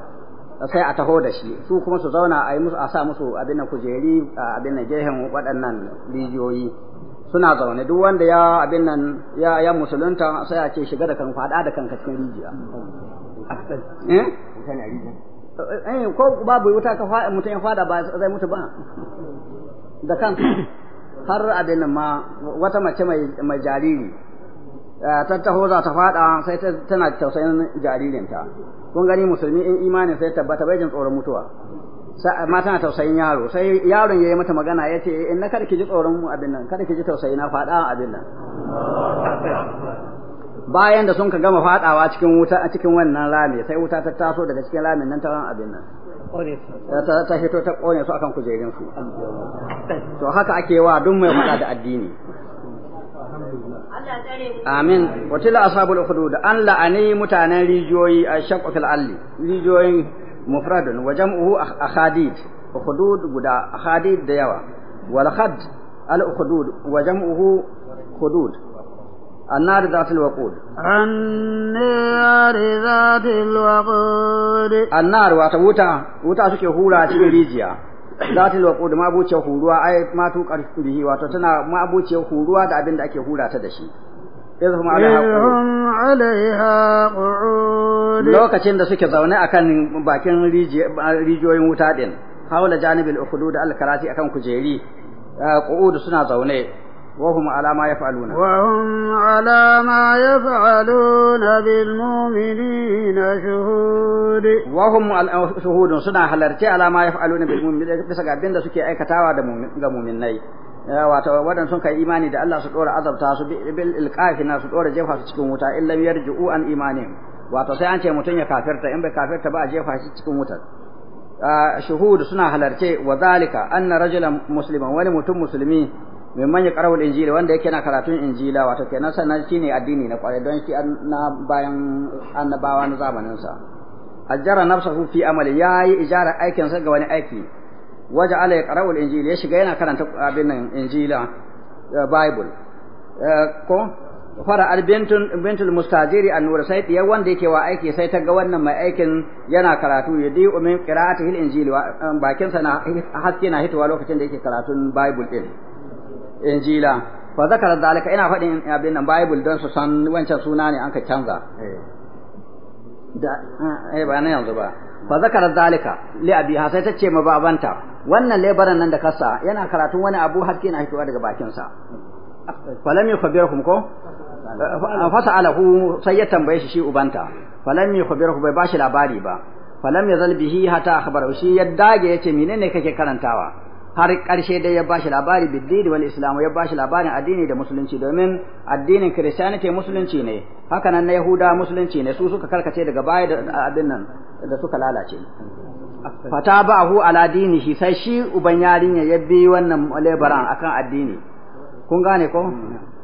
sai a taho da shi su kuma su zauna a yi musu a sa musu abin nan kujeri abin nan gehen waɗannan rijiyoyi suna zaune duk wanda ya abin nan ya ya musulunta sai a ce shiga da kan hada da kanka cikin eh? rijiya eh ko babu wuta ka mutun ya fada ba zai mutu ba da kanka har abin ma wata mace mai jariri eh, ta taho za ta fada sai tana tausayin jaririnta kun gani musulmi in imanin sai tabbata bai jin tsoron mutuwa ma tana tausayin yaro sai yaron yayi mata magana ya ce in na kada ki ji tsoron mu abin nan kada ki ji tausayi na fada abin nan bayan da sun ka gama fadawa cikin wuta a cikin wannan rami sai wuta ta taso daga cikin ramin nan ta abin nan ta fito ta kone su akan kujerin su to haka ake wa duk mai faɗa da addini amin la ashabul hudud an la'ani mutanen rijiyoyi a shaqqatul alli rijiyoyin mufradun wa jam'uhu akhadid hudud guda ahadid da yawa wal khad al hudud wa jam'uhu hudud النار ذات الوقود النار ذات الوقود النار وتوتا وتا suke hura cikin rijiya zatil wa ma abuciyar huruwa ai ma tu karfi bihi wato tana ma abuciyar huruwa da abin da ake hura ta da shi izhum alaiha qu'ud lokacin da suke zaune a kan bakin rijiyoyin wuta ɗin din hawla janibil da al a kan kujeri qu'ud suna zaune وهم على ما يفعلون وهم على ما يفعلون بالمؤمنين شهود وهم شهود سنا حلرتي على ما يفعلون بالمؤمنين بس suke aikatawa ga wato wadan sun kai imani da Allah su dora azabta su bil ilqafina su dora jefa su cikin wuta illa yarji'u an imanin wato sai an ce mutun ya kafirta in bai kafirta ba a jefa shi cikin wuta shuhud suna halarce wa zalika anna rajulan musliman wani mutum musulmi mai ya karawar injila wanda yake na karatun injila wato kenan sannan ne addini na kwarai don shi na bayan annabawa na zamaninsa ajjara nafsahu fi amali yi ijara aikinsa ga wani aiki waje ala ya karawar injila ya shiga yana karanta abin nan injila eh, bible eh, ko fara albintun bintul mustajiri annur sai diyar wanda yake wa aiki sai ta ga wannan mai aikin yana karatu ya di umin qira'atihil injili eh, bakin sa na haske na hitowa lokacin da yake karatun bible din injila fa zakara zalika ina faɗin abin nan bible don su san wancan suna ne an ka canza eh. da eh ba nan yanzu ba fa zakara zalika li abi hasai ta ce ma babanta wannan lebaran nan da kasa yana karatun wani abu har kina fitowa daga bakin sa falam yukhbirukum ko fasa'alahu sai ya tambaye shi shi ubanta falam yukhbiruhu bai bashi labari ba falam yazal bihi hatta akhbara shi ya dage yace menene kake karantawa har ƙarshe dai ya bashi labari biddini wal islamu ya bashi labarin addini da musulunci domin addinin kiristiyanite musulunci ne haka nan na yahuda musulunci ne su suka karkace daga baya da abin nan da suka lalace fata ba'ahu ala shi sai shi uban yarinya ya bi wannan lebaran akan addini kun gane ko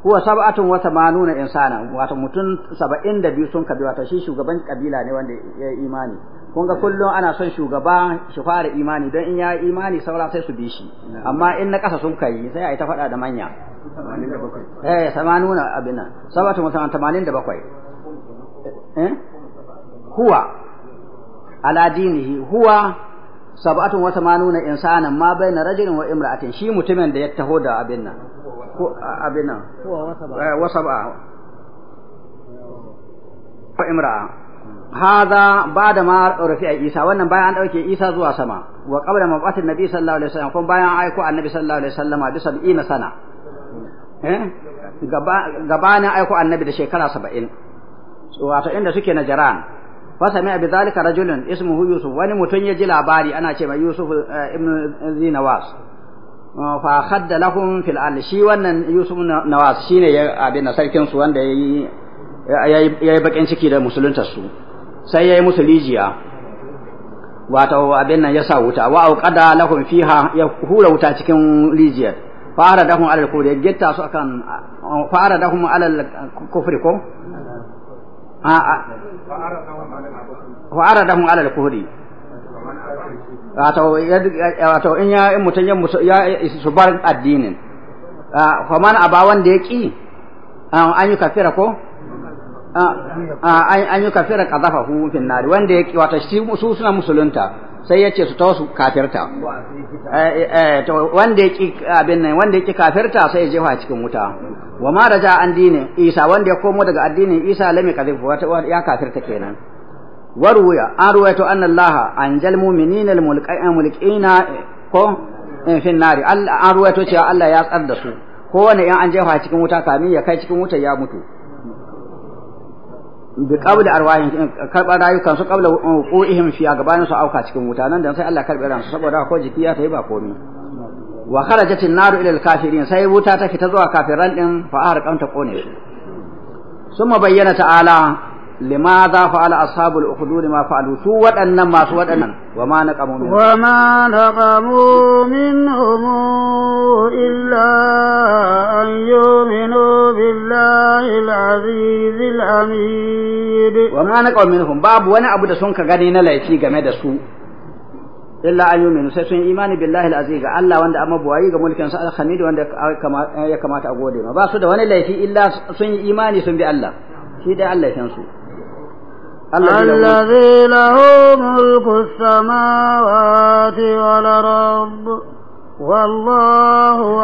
huwa sab'atun wa thamanuna insana wato mutum 72 sun kabi wato shi shugaban kabila ne wanda ya imani kun ga kullum ana son shugaba shi fara imani don in ya imani saura sai su bi shi amma in na ƙasa sun kai sai a yi ta faɗa da manya eh samanuna abin nan sabatu musamman tamanin da bakwai eh? huwa ala dinihi huwa sab'atun wa samanuna insanan ma bayna rajulin wa imra'atin shi mutumin da ya taho da abin nan ko abin nan huwa wa sab'a eh, wa imra'a hada ba'da ma rufi'a Isa wannan bayan an dauke Isa zuwa sama wa qabla mab'atin nabi sallallahu alaihi wasallam kuma bayan aiko annabi sallallahu alaihi wasallam bi sab'ina sana eh gabanin aiko annabi da shekara 70 wato inda suke jaran fa sami abi zalika rajulun ismuhu yusuf wani mutun ya ji labari ana ce mai yusuf ibn zinawas fa khadda lahum fil al shi wannan yusuf nawas shine ya abin sarkin su wanda yayi yayi bakin ciki da musuluntar su sai ya yi musu rijiya wata abin nan ya sa wuta wa auqada lahum fiha ya hura wuta cikin rijiyar fara dahum alal kufri ya getta su akan fara dahum alal kufri ko a fara dahum alal kufri wato in ya in mutun ya su bar addinin fa man aba wanda ya ki an yi kafira ko Ah, ah, an yi kafira kazafa hu fin nari wanda ya wata shi su suna musulunta sai ya ce su ta wasu kafirta eh, eh, eh, wanda ya abin nan wanda ya kafirta sai ya jefa cikin wuta wa ma raja an dinin isa wanda ya komo daga addinin isa lami kadhib wata ya kafirta kenan waruya an ruwaito anna allaha anjal mu'minina al-mulqina ko fin nari an ruwaito cewa Allah ya tsar da su kowane yan an jefa cikin wuta kamin ya kai cikin wuta ya mutu bi eh, qabla arwahin karba rayukan su qabla qu'ihim fi gabanin su auka cikin wuta nan dan sai Allah karbe ransu saboda ko jiki ya tayi ba komi wa kharajat an-naru ila al-kafirin sai wuta ta fita zuwa kafiran din fa ta kone su summa bayyana ta'ala لماذا فعل أصحاب الأخدود ما فعلوا سوى أن ما سوى أن وما نقموا منهم وما نقموا منهم إلا أن يؤمنوا بالله العزيز الحميد وما نقموا منهم باب وانا أبو دسون كغنينا لأيشي جميد سوء إلا أن يؤمنوا سيسون إيمان بالله العزيز ألا واند أما بوائي جمولك سأل خميد واند يكما تأقودي ما باسود وانا لأيشي إلا سن إيمان سن بألا الله shi dai Allah ya su الذي له ملك السماوات والأرض والله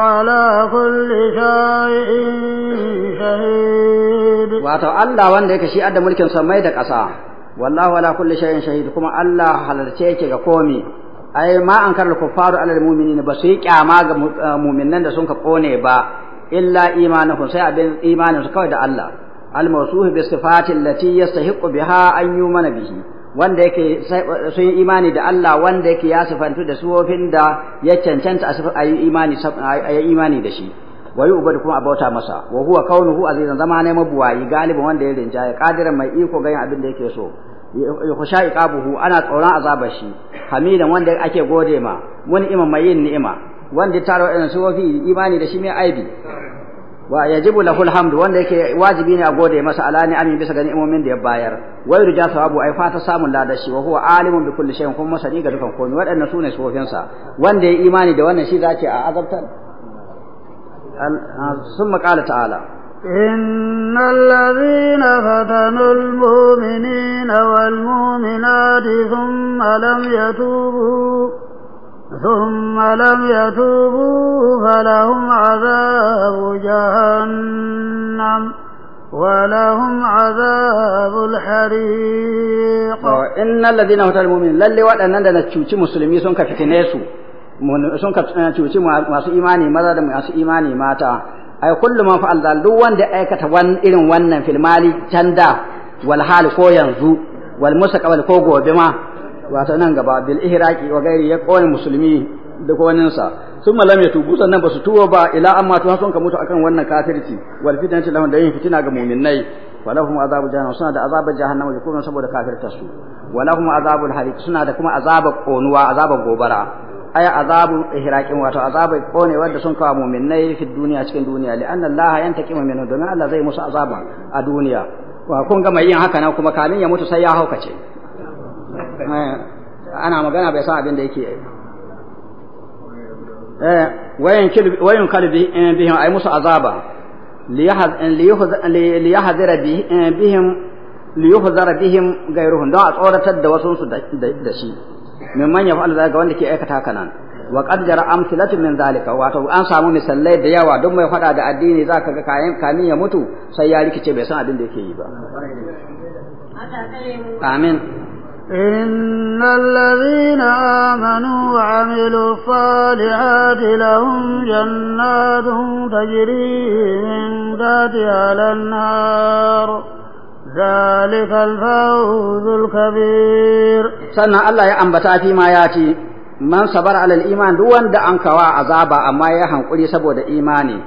wanda yake shi adda mulkin samai da ƙasa wallahu ala kulli shay'in shahid kuma Allah halarce yake ga komi ai ma an karar kuffaru alal mu'minina ba su yi kyama ga mu'minan da sun ka kone ba illa imanuhum sai abin imanin kawai da Allah al بالصفات bi يستحق بها yastahiqu يؤمن an bihi wanda yake sun yi imani da Allah wanda yake ya sifantu da suwofin da ya cancanta a yi imani a yi imani da shi wa ubadu kuma a bauta masa wa huwa kaunuhu azizan zama ne mabuwayi galibin wanda ya rinja ya kadiran mai iko ga yin abin da yake so ya yukhsha iqabuhu ana tsoron azabar shi hamidan wanda ake gode ma mun imam mai yin ni'ima wanda taro irin suwofi imani da shi mai aibi wa yajibu lahu alhamdu wanda yake wajibi ne a gode masa ala amin bisa ga ni'imomin da ya bayar wai yurja sawabu ai fata samun lada shi wa huwa alimun bi kulli shay'in kuma masani ga dukan komai waɗannan sune sofin sa wanda ya imani da wannan shi zace a azabtar summa qala ta'ala إن الذين فتنوا المؤمنين والمؤمنات ثم لم يتوبوا ثم لم يتوبوا فلهم عذاب جهنم ولهم عذاب الحريق إن الذين هم المؤمنين للي وأننا نتشوتي مسلمي سنك فتنسو sun ka cuci masu imani maza da masu imani mata ai kullum man fa'al dal aikata irin wannan filmali tanda, wal hal ko yanzu wal musaqal ko gobe ma wato nan gaba bil ihraqi wa gairi ya kone musulmi da kowaninsa sun malam ya tubu sannan ba su tuwo ba ila amma tuwa sun ka mutu akan wannan kafirci wal fitnati lahum da yin fitina ga mu'minnai walahum azabu jahannam suna da azabar jahannam da kuma saboda kafirtar su walahum azabul hariq suna da kuma azabar konuwa azabar gobara ay azabu ihraqin wato azabar kone wanda sun kawo mu'minnai fi duniya cikin duniya li anna allaha yantaqimu minhu domin Allah zai musu azaba a duniya wa kun ga mai yin haka na? kuma kamin ya mutu sai ya haukace Eh, ana magana bai san abin da yake eh, wayan kalbi eh, bihim ay musu azaba liyahzira zara liyuhzara bihim gairuhum don a tsoratar da wasu su da shi min man yaf'al ga wanda ke aikata kanan wa qad jara amsalatu min zalika wato an samu misalai da yawa don mai fada da addini zaka ga kayan kamin ya mutu sai ya rikice bai san abin da yake yi ba amin إن الذين آمنوا وعملوا الصالحات لهم جنات تجري من تحتها الأنهار ذلك الفوز الكبير سنة الله يا أنبتا فيما ياتي من صبر على الإيمان دون دا أنكوا عذابا أما يهن قولي سبو دا إيماني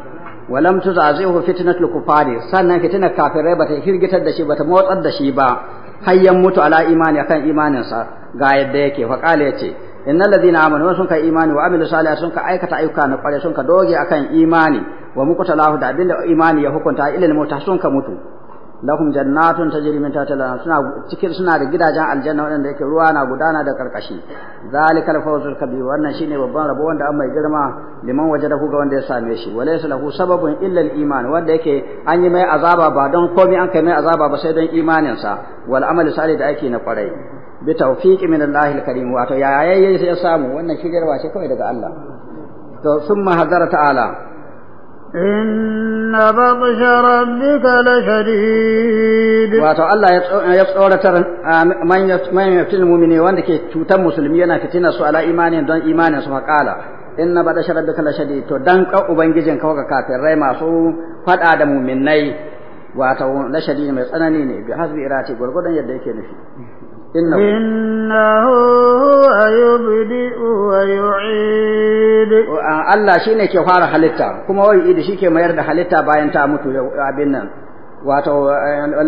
ولم تزعزعه فتنة الكفار سنة فتنة كافرة بتا هرجت الدشي بتا موت الدشي با hayyan mutu ala imani akan imaninsa ga yadda yake fa qala yace innal ladina amanu sun kai imani wa amilu salihati sun ka aikata ayyuka na kware sun ka doge akan imani wa muqtalahu da abinda imani ya hukunta ilal mauta sun ka mutu lahum jannatun tajri min tahtiha al suna cikin suna da gidajen aljanna wanda yake ruwa na gudana da karkashi zalikal fawzul kabir wannan shine babban rabo wanda an mai girma liman ku ga wanda ya same shi walaysa lahu sababun illa al iman wanda yake an yi mai azaba ba don komai an kai mai azaba ba sai don imanin sa wal amali salih da ake na kwarai bi tawfiqi min Allah al karim wato yayaye sai ya samu wannan shigarwa ce kawai daga Allah to summa hadara ta'ala inna batsha rabbika shadid wato Allah ya tsoratar manyan fitin mu'mini wanda ke cutar musulmi yana fitina su ala imani don imanin su faƙala inna batsha rabbika shadid to dan ka ubangijin ka ka kafirai masu fada da mu'minai wato shadid mai tsanani ne bi hasbi irati gurgurdan yadda yake nufi إنه, إنه هو يبدئ Allah الله ke fara halitta kuma wai idi shi ke mayar da halitta bayan ta mutu abin nan wato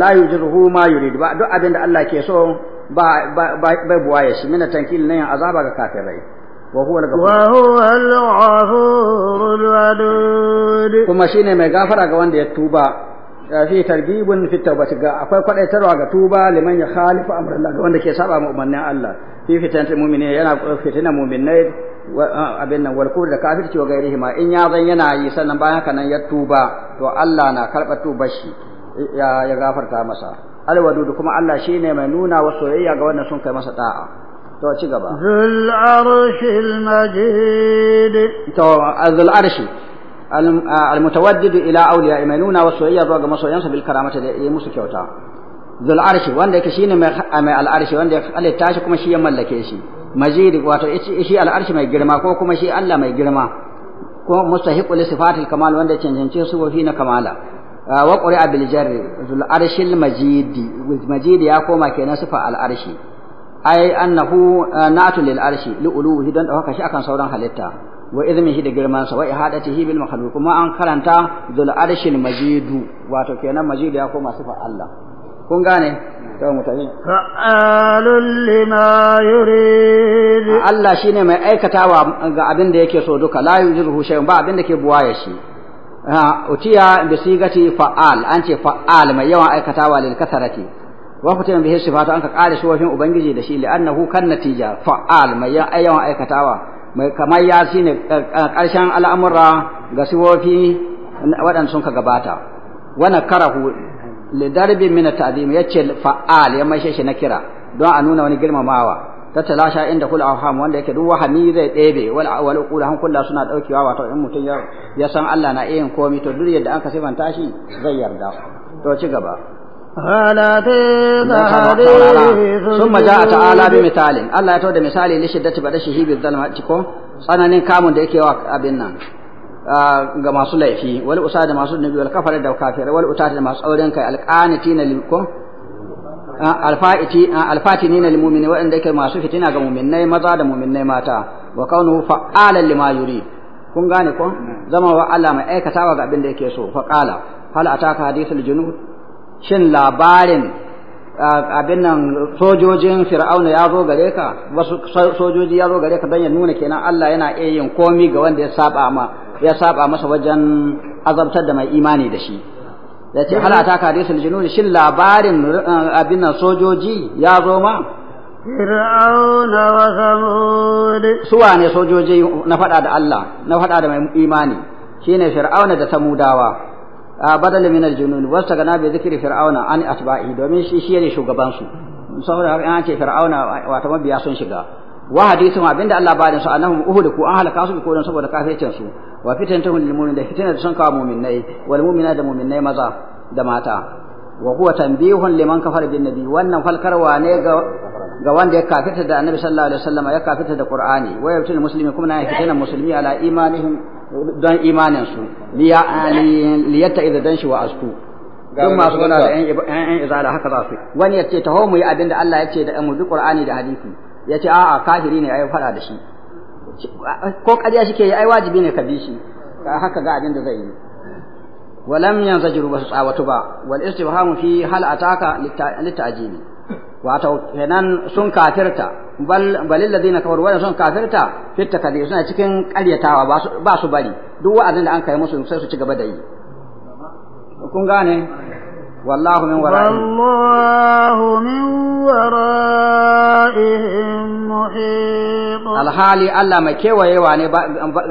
la yujruhu ma yurid ba duk abin da Allah ke so ba buwa buwaye shi mina tankil ne azaba ga kafirai wa huwa al-ghafurul wadud kuma shine mai gafara ga wanda ya tuba fi targibun fi tawbati ga akwai kwadaitarwa ga tuba liman ya khalifa amran ga wanda ke saba mu Allah fi fitanatul mu'minin yana fitina mu'minai abin nan wal kufr da kafirci wa gairihi ma in ya zan yana yi sannan bayan haka nan ya tuba to Allah na karba tubar shi ya gafarta masa alwadudu kuma Allah shine mai nuna wa soyayya ga wannan sun kai masa da'a to ci gaba zul arshil majid to arshi almutawaddidu ila awliya maimuna wa soyayya zuwa ga masoyansa bil karamata da yayi musu kyauta zul arshi wanda yake shine mai al arshi wanda yake alai tashi kuma shi ya mallake shi majid wato shi al arshi mai girma ko kuma shi Allah mai girma ko mustahiqu sifatil kamal wanda cancance su wa fina kamala wa a bil jar zul arshil ya koma kenan sifa a arshi ai annahu natu lil arshi li uluhi dan haka shi akan sauran halitta wa izmihi da girman sa wa ihadatihi bil makhluq kuma an karanta zul arshil majidu wato kenan majidu ya koma sifar Allah kun gane to mutane fa'alul lima yurid Allah shine mai aikatawa ga abin da yake so duka la yujiruhu shay'un ba abin da ke buwaye shi utiya bi sigati fa'al an ce fa'al mai yawan aikatawa lil kasarati wa kutiya bihi sifatu an ka kare shi wajen ubangiji da shi li'annahu kan natija fa'al mai yawan aikatawa mai kamar ya shi ne eh, eh, ƙarshen al'amura ga siwofi waɗanda sun ka gabata wani karahu lidarbin mina ta'zim ya ce fa'al ya maishe shi na kira don a nuna wani girmamawa ta talasha inda kula aham wanda yake duk wahani zai ɗebe wani wal kula han suna ɗaukewa wato in mutum ya san Allah na iya komi to duk yadda aka sifanta shi zai yarda to ci gaba sun maja a ta'ala bi misalin Allah ya tauda misali li shiddati ba da shi hibir zalma tsananin kamun da yake wa abin nan ga masu laifi wal usa da masu nabi wal kafara da kafirai wal utata da masu auren kai alqanitina na kum alfa'iti alfatinina lil mu'mini wa inda yake masu fitina ga mu'minnai maza da mu'minnai mata wa kaunuhu fa'alan lima yuri kun gane ko zama wa Allah mai aikatawa ga abin da yake so fa qala hal ataka hadithul junud shin labarin abin nan sojojin fir'auna ya zo gare ka wasu sojoji ya zo gare ka don ya nuna kenan Allah yana iya yin komi ga wanda ya saba ma ya saba masa wajen azabtar da mai imani da shi ya ce hal ataka hadisul junudi shin labarin abin nan sojoji ya zo ma Fir'auna wa Samud suwa ne sojoji na faɗa da Allah na faɗa da mai imani shine Fir'auna da Samudawa badal min al-junun wasta gana bi zikri fir'auna an atba'i domin shi shi ne shugaban su saboda haka an ce fir'auna wato mabiya sun shiga wa hadithun abinda Allah ba da su annahum uhud ku an halaka su ko don saboda kafircin su wa fitantahum lil mu'min da fitina sun kawo mu'minai wal mu'mina da mu'minai maza da mata wa huwa tanbihun liman kafara bin nabi wannan falkarwa ne ga ga wanda ya kafirta da annabi sallallahu alaihi wasallam ya kafirta da qur'ani wa yabtul muslimi kuma na fitana muslimi ala imanihim don imanin su liyatta idan dan shi wa asku don masu gana da yan izala haka za su wani yace taho mu yi abin Allah yace da mu bi Qur'ani da hadisi yace a'a kafiri ne ai fada da shi ko ƙarya shike yi ai wajibi ne ka bi shi haka ga abin da zai yi ولم ينزجروا بس ba wal istibhamu fi hal ataka litta'jili wato kenan sun kafirta bal balil ladina kafaru wa sun kafirta fitta takadi suna cikin ƙaryatawa ba su bari duk wa'azin da an kai musu sai su ci gaba da yi kun gane wallahu min wara'ihim wallahu min wara'ihim muhit alhali Allah mai kewayewa ne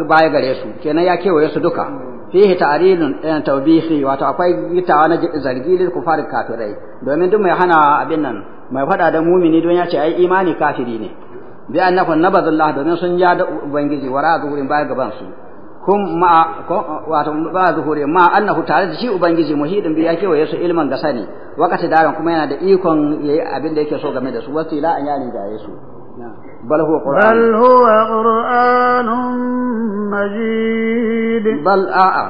baya gare su kenan ya kewaye su duka fihi ta'rilun ɗayan tawbihi wato akwai gitawa na zargi lil kufar kafirai domin duk mai hana abin nan mai faɗa da mumini don ya ce ai imani kafiri ne bi annahu nabadallah domin sun ya da ubangiji wara zuhurin baya gaban su kun ma wato ba zuhuri ma annahu tare da shi ubangiji muhidin bi yake wa Yesu ilman ga sani wakati daren kuma yana da ikon yayi abin da yake so game da su wasu ila an yari da yesu بل هو قرآن بل هو قرآن مجيد بل آآ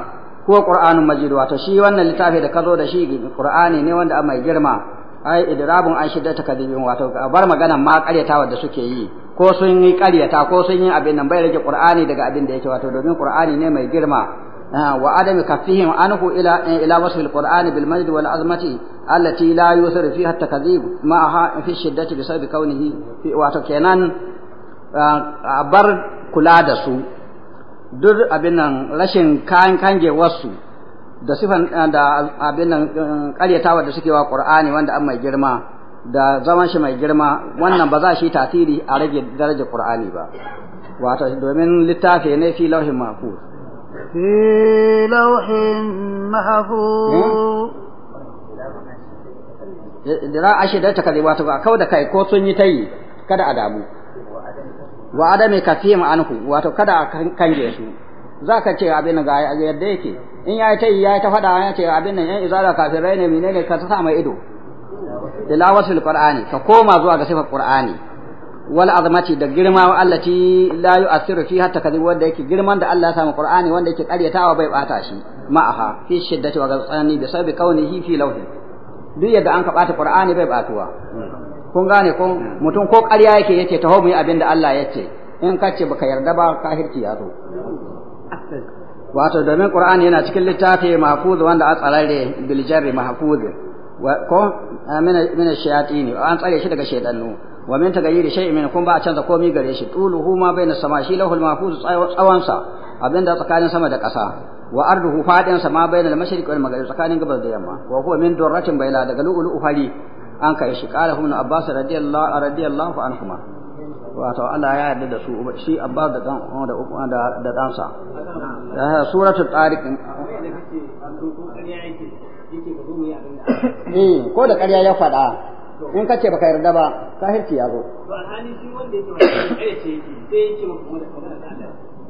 هو قرآن مجيد واتو شي وانا لتافي دا كذو دا شي قرآني ني وانا يجرما ai idrabun an shidda takadibin wato a bar magana ma karyatawa da suke yi ko sun yi karyata ko sun yi abin nan bai rage qur'ani daga abin da yake wato domin qur'ani ne mai girma ah, wa adami kafihim anhu ila eh, ila wasf qur'ani bil majd wal azmati allati la yusir fiha ma ma'aha fi shiddati bisabab kaunihi wato kenan ah, a bar kula da su duk abin nan rashin kan kange wasu da sifan eh, da abin nan eh, ƙaryatawa da suke wa Qur'ani wanda an mai girma da zaman shi mai girma wannan ba za shi tasiri a rage darajar Qur'ani ba wato domin littafi ne fi lauhin mahfuz fi lauhin mahfuz eh, dira ashe da takali wato ba kau da kai ko sun yi yi, kada a damu wa adami kafim anhu wato kada a kange su za ka ce abin ga yadda yake in ya ta yi ya ta faɗa ya ce abin nan yan izara kafirai ne menene ka sa sama ido tilawatul qur'ani ka koma zuwa ga sifar qur'ani wal azmati da girma wa allati la yu'athiru fi hatta kadhib wanda yake girman da Allah ya samu qur'ani wanda yake karyatawa bai bata shi ma'aha fi shiddati wa ghazani bi sabbi kaunihi fi lawhi duk yadda an ka bata qur'ani bai batuwa kun gane ko mutum ko ƙarya yake yace taho mu yi abin da Allah yace in ka ce baka yarda ba kafirci ya zo wato domin qur'ani yana cikin littafi mahfuz wanda an tsarare bil jarri mahfuz wa ko amina ah, min shayatin wa an tsare shi daga shaytanu wa min tagayyir shay'i min kun ba a canza komai gare shi tulu huma baina sama shi lahul mahfuz tsawon sa abinda tsakanin sama da ƙasa wa arduhu fadin sama ma baina al mashriq wal maghrib tsakanin gabas da yamma wa huwa min durratin baina daga lu'lu'u fari an kai shi qala ibn abbas radiyallahu radiyallahu anhuma wato Allah ya yarda da su shi Abbas da dan da da da dansa eh, suratul tariq eh ko da ƙarya ya faɗa in kace baka yarda ba kafirci ya zo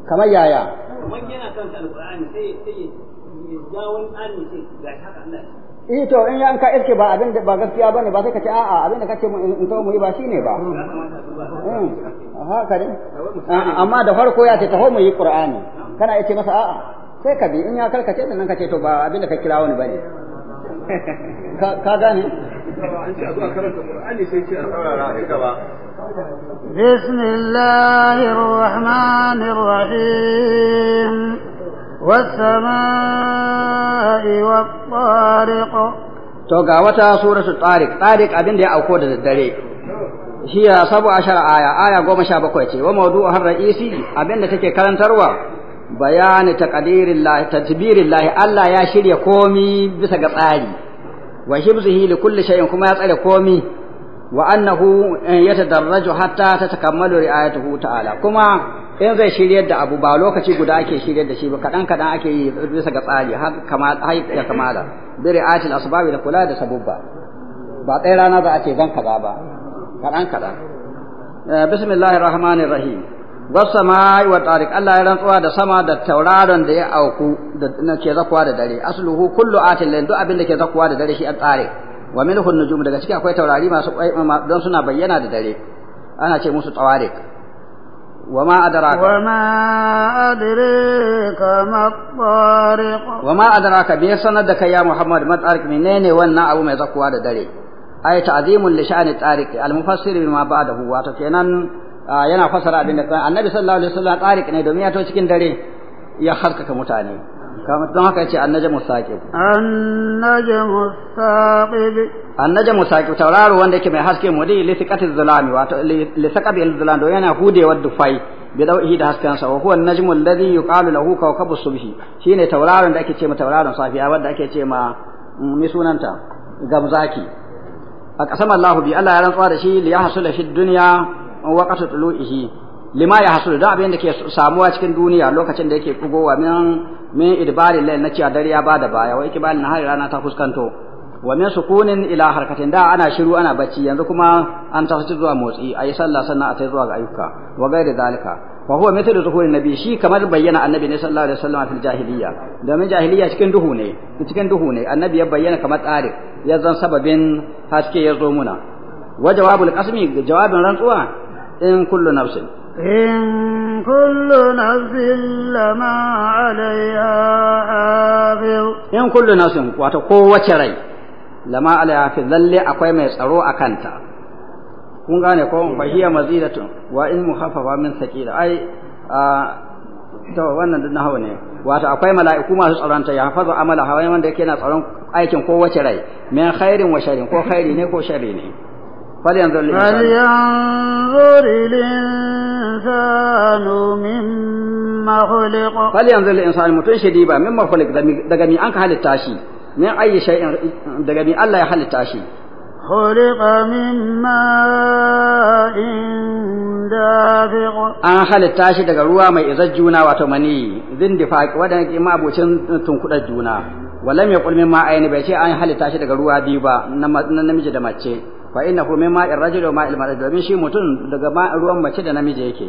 kamar yaya kamar yana kan alqur'ani sai sai ya ga wani sai ga haka Allah eh to in an ka irke ba abin da ba gaskiya bane ba sai ka ce a'a abin da kake mu in tawo mu yi ba shine ba hmm, haka kare amma da farko ya ce taho mu yi qur'ani kana yace masa a'a sai ka bi in ya karkace nan ka ce to ba abin da ka kira wani bane ka gane بسم الله الرحمن الرحيم والسماء والطارق to ga wata suratu tariq tariq abin da ya auko da daddare shi ya sabu ashar aya aya goma sha bakwai ce wa mawdu'u har ra'isi abin da take karantarwa bayani taqdirin lahi tadbirin lahi Allah ya shirya komi bisa ga tsari wa hibzihi li kulli shay'in kuma ya tsare komi wa annahu yatadarraju hatta tatakammalu ri'ayatuhu ta'ala kuma in zai shiryar da abu ba lokaci guda ake shiryar da shi ba Kaɗan-kaɗan kadan ake yi bisa ga tsari har kamala har ya kamala bi ri'atil asbabi da kula da sabubba ba tsaye rana za a ce zan kaza ba Kaɗan-kaɗan. bismillahir rahmanir rahim wasamai wa tariq Allah ya rantsuwa da sama da tauraron da ya auku da ke zakuwa da dare asluhu kullu atil duk abin da ke zakuwa da dare shi a tsare wa milhun nujum daga cikin akwai taurari masu don suna bayyana da dare ana ce musu tawarik wa ma adraka wa ma adraka ma tariq wa ma adraka bi sanar da kai ya muhammad ma ne menene wannan abu mai zakuwa da dare ay ta'zimun li sha'ni tariq al mufassir bima ba'dahu wato kenan yana fasara abin da annabi sallallahu alaihi wasallam tariq ne domin ya to cikin dare ya haskaka mutane kamar don haka yace annajamu saqib annajamu saqib annajamu saqib tauraro wanda yake mai haske mudi li thiqati zulami wato li saqabi al-zulam do yana hudewar dufai bi dauhi da hasken sa wa huwa an-najmu alladhi yuqalu lahu kawkabu subhi shine tauraron da ake ce ma tauraron safiya wanda ake ce ma mm, mi sunanta gamzaki a kasam Allah bi Allah ya rantsuwa da shi li yahsula fi dunya waqtu tulu'ihi lima ya hasu da abin da ke samuwa cikin duniya lokacin da yake kugowa min min idbari lail na cewa dare ya bada baya wai kibali na hari rana ta fuskanto wa min sukunin ila harkatin da ana shiru ana bacci yanzu kuma an tafi zuwa motsi ayi sallah sannan a tai zuwa ga ayyuka wa gairi zalika fa huwa mithlu zuhuri nabi shi kamar bayyana annabi ne sallallahu alaihi wasallam fil jahiliya domin jahiliya cikin duhu ne cikin duhu ne annabi ya bayyana kamar tsari ya zan sababin haske ya zo muna wa jawabul qasmi jawabin rantsuwa in kullu nafsin إن كل نفس لما عليها حافظ إن كل نفس وتقوة شري لما عليها حافظ ذل أقوى يسأروا أكانتا kun gane ko fa hiya mazidatun wa in mukhaffafa min thaqila ai to wannan din nahawa ne wato akwai mala'iku masu tsaron ta ya hafaza amala hawa wanda yake na tsaron aikin ko wace rai min khairin wa sharrin ko khairi ne ko sharri ne فلينظر الإنسان فلينظر مما خلق فلينظر الإنسان متن شديبا مما خلق دقمي أنك هل التاشي من أي شيء دقمي الله يحل التاشي خلق من ماء دافق an halitta shi daga ruwa mai izar juna wato mani zindifaq wanda yake ma abocin tunkudar juna walam ya kulmin ma ayni bai ce an halitta shi daga ruwa biyu ba na namiji da mace fa innahu min ma'ir rajuli wa ma'il mar'ati domin shi mutum daga ma ruwan mace da namiji yake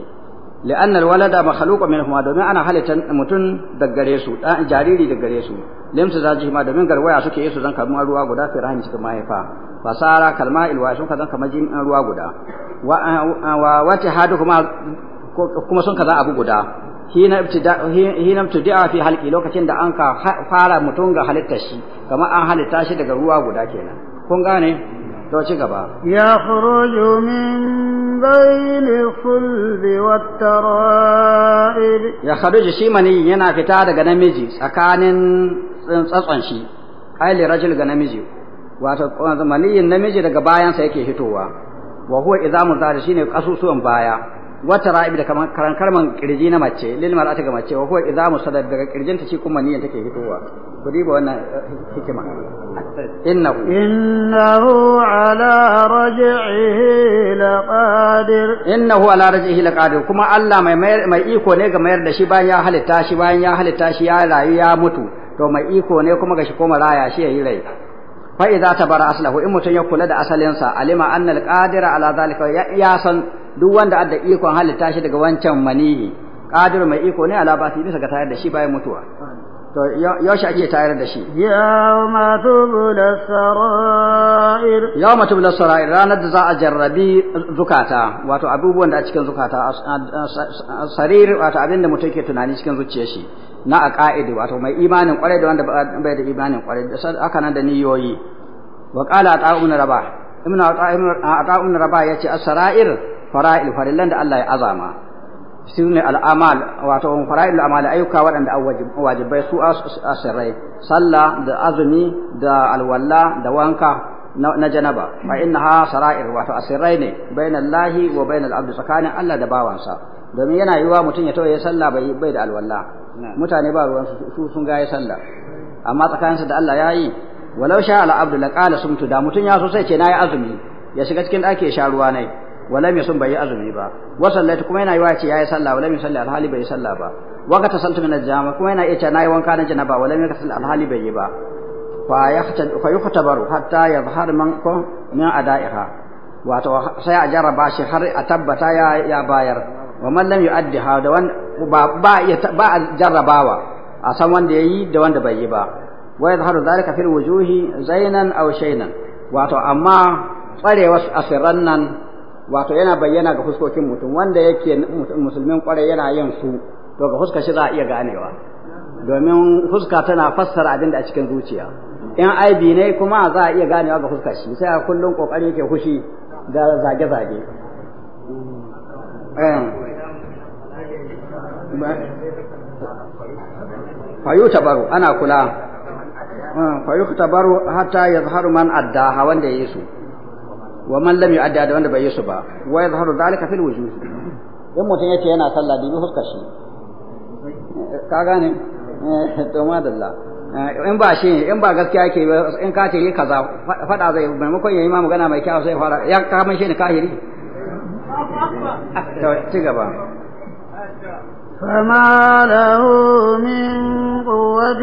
li'anna alwalada makhluqun min huma domin ana halitta mutum daga gare su jariri daga gare su limsu zaji ma domin garwaya suke yi su zan kalma ruwa guda fi rahim cikin mahaifa fasara kalma ilwa sun kazan kamar jin eh, ruwa guda wa eh, eh, wata hadu kuma kuma sun kazan abu guda hina ibtida'a fi halqi lokacin da an ka fara mutun ga halitta shi kamar an halitta shi daga ruwa guda kenan kun gane to ci gaba ya khuruju min bayni khulbi wat ya khuruju shi mani yana fita daga namiji tsakanin tsatson shi ai rajul ga namiji wato maniyin namiji daga bayansa yake hitowa wa huwa idamu zari shine kasusuwan baya wata ra'ibi da kaman karan karman kirji na mace lil mar'ati ga mace wa huwa izamu sadar daga kirjinta shi kuma niyyar take fitowa ku diba wannan eh, hikima innahu innahu ala raj'ihi laqadir innahu ala raj'ihi laqadir kuma Allah mai mai iko ne ga mayar da shi bayan ya halitta shi bayan ya halitta shi ya rayu ya mutu to mai iko ne kuma ga shi koma raya shi yayi rai fa idza tabara aslahu in mutun ya kula da asalinsa alima anna alqadira ala zalika ya san duk wanda adda ikon halitta shi daga wancan manihi qadir mai iko ne ala ba bisa ga tayar da shi bayan mutuwa to yaushe ake tayar da shi yawma tubla sarair yawma tubla sarair ranar da za a jarrabi zukata wato abubuwan da a cikin zukata sarir wato abin da mutum ke tunani cikin zuciyar shi na aqaidi wato mai imanin kwarai da wanda bai da imanin kwarai haka nan da niyoyi wa qala ta'un rabah ibn ata'un rabah yace as-sarair fara'il farillan da Allah ya azama sune al'amal wato fara'il al'amal ayyuka waɗanda wajibai su asirai sallah da azumi da alwala da wanka na janaba fa innaha sara'ir wato asirai ne bainal lahi wa bainal abdi tsakanin Allah da bawansa domin yana yiwa mutum ya tawaye sallah bai bai da alwala mutane ba ruwan su sun ga ya sallah amma tsakaninsa da Allah yayi walau sha al abdu laqala sumtu da mutum ya so sai ce nayi azumi ya shiga cikin ɗaki ya sha ruwa nai walam yasum bai azumi ba wa sallati kuma yana yiwa ce yayi sallah walam yusalli alhali bai sallah ba wa ka tasaltu min aljama kuma yana iya ce nayi wanka na janaba walam yakasalli alhali bai yi ba fa yahtad fa yuhtabaru hatta yadhhar man ko min adaiha wato sai a jarraba shi har a tabbata ya bayar wa man lam yu'addiha ba ba jarrabawa a san wanda yi da wanda bai yi ba wa yadhharu dhalika wujuhi zainan aw wato amma tsarewa asirran nan wato yana bayyana ga fuskokin mutum wanda yake musulmin kwarai yana yin su to ga fuska shi za a iya ganewa domin fuska tana fassara abin da a cikin zuciya in aibi ne kuma za a iya ganewa ga fuska shi sai a kullum kokari yake fushi da zage-zage eh. fayutabaru ana kula eh, fayutabaru hatta zaharu man addaha wanda ya yi su wa man lam yu'adda da wanda bai yi su ba wa yadhharu zalika fil wujuh in mutum yace yana sallah bibi huskar shi ka gane to madalla in ba shi in ba gaskiya yake ba in ka yi kaza fada zai maimakon yayi ma mai kyau sai fara ya ka mai shi ne kahiri فما له من قوة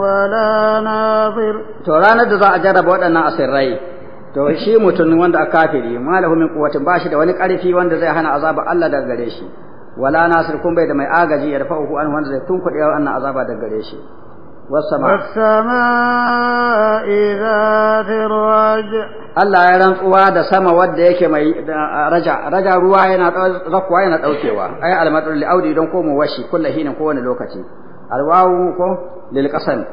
ولا ناصر. ترانا دزا أجرب ودنا أسرائي to shi mutum wanda kafiri malahu min quwwatin ba shi da wani karfi wanda zai hana azaba Allah daga gare shi wala nasir kun bai da mai agaji ya rafa'u an wanda zai tunkuɗe wannan azaba daga gare shi والسماء والسماء ذات firaj Allah ya rantsuwa da sama wadda yake mai raja raja ruwa yana zakwa yana daukewa ai almatul li audi don komo washi kullu hinin kowane lokaci alwawu ko lil qasam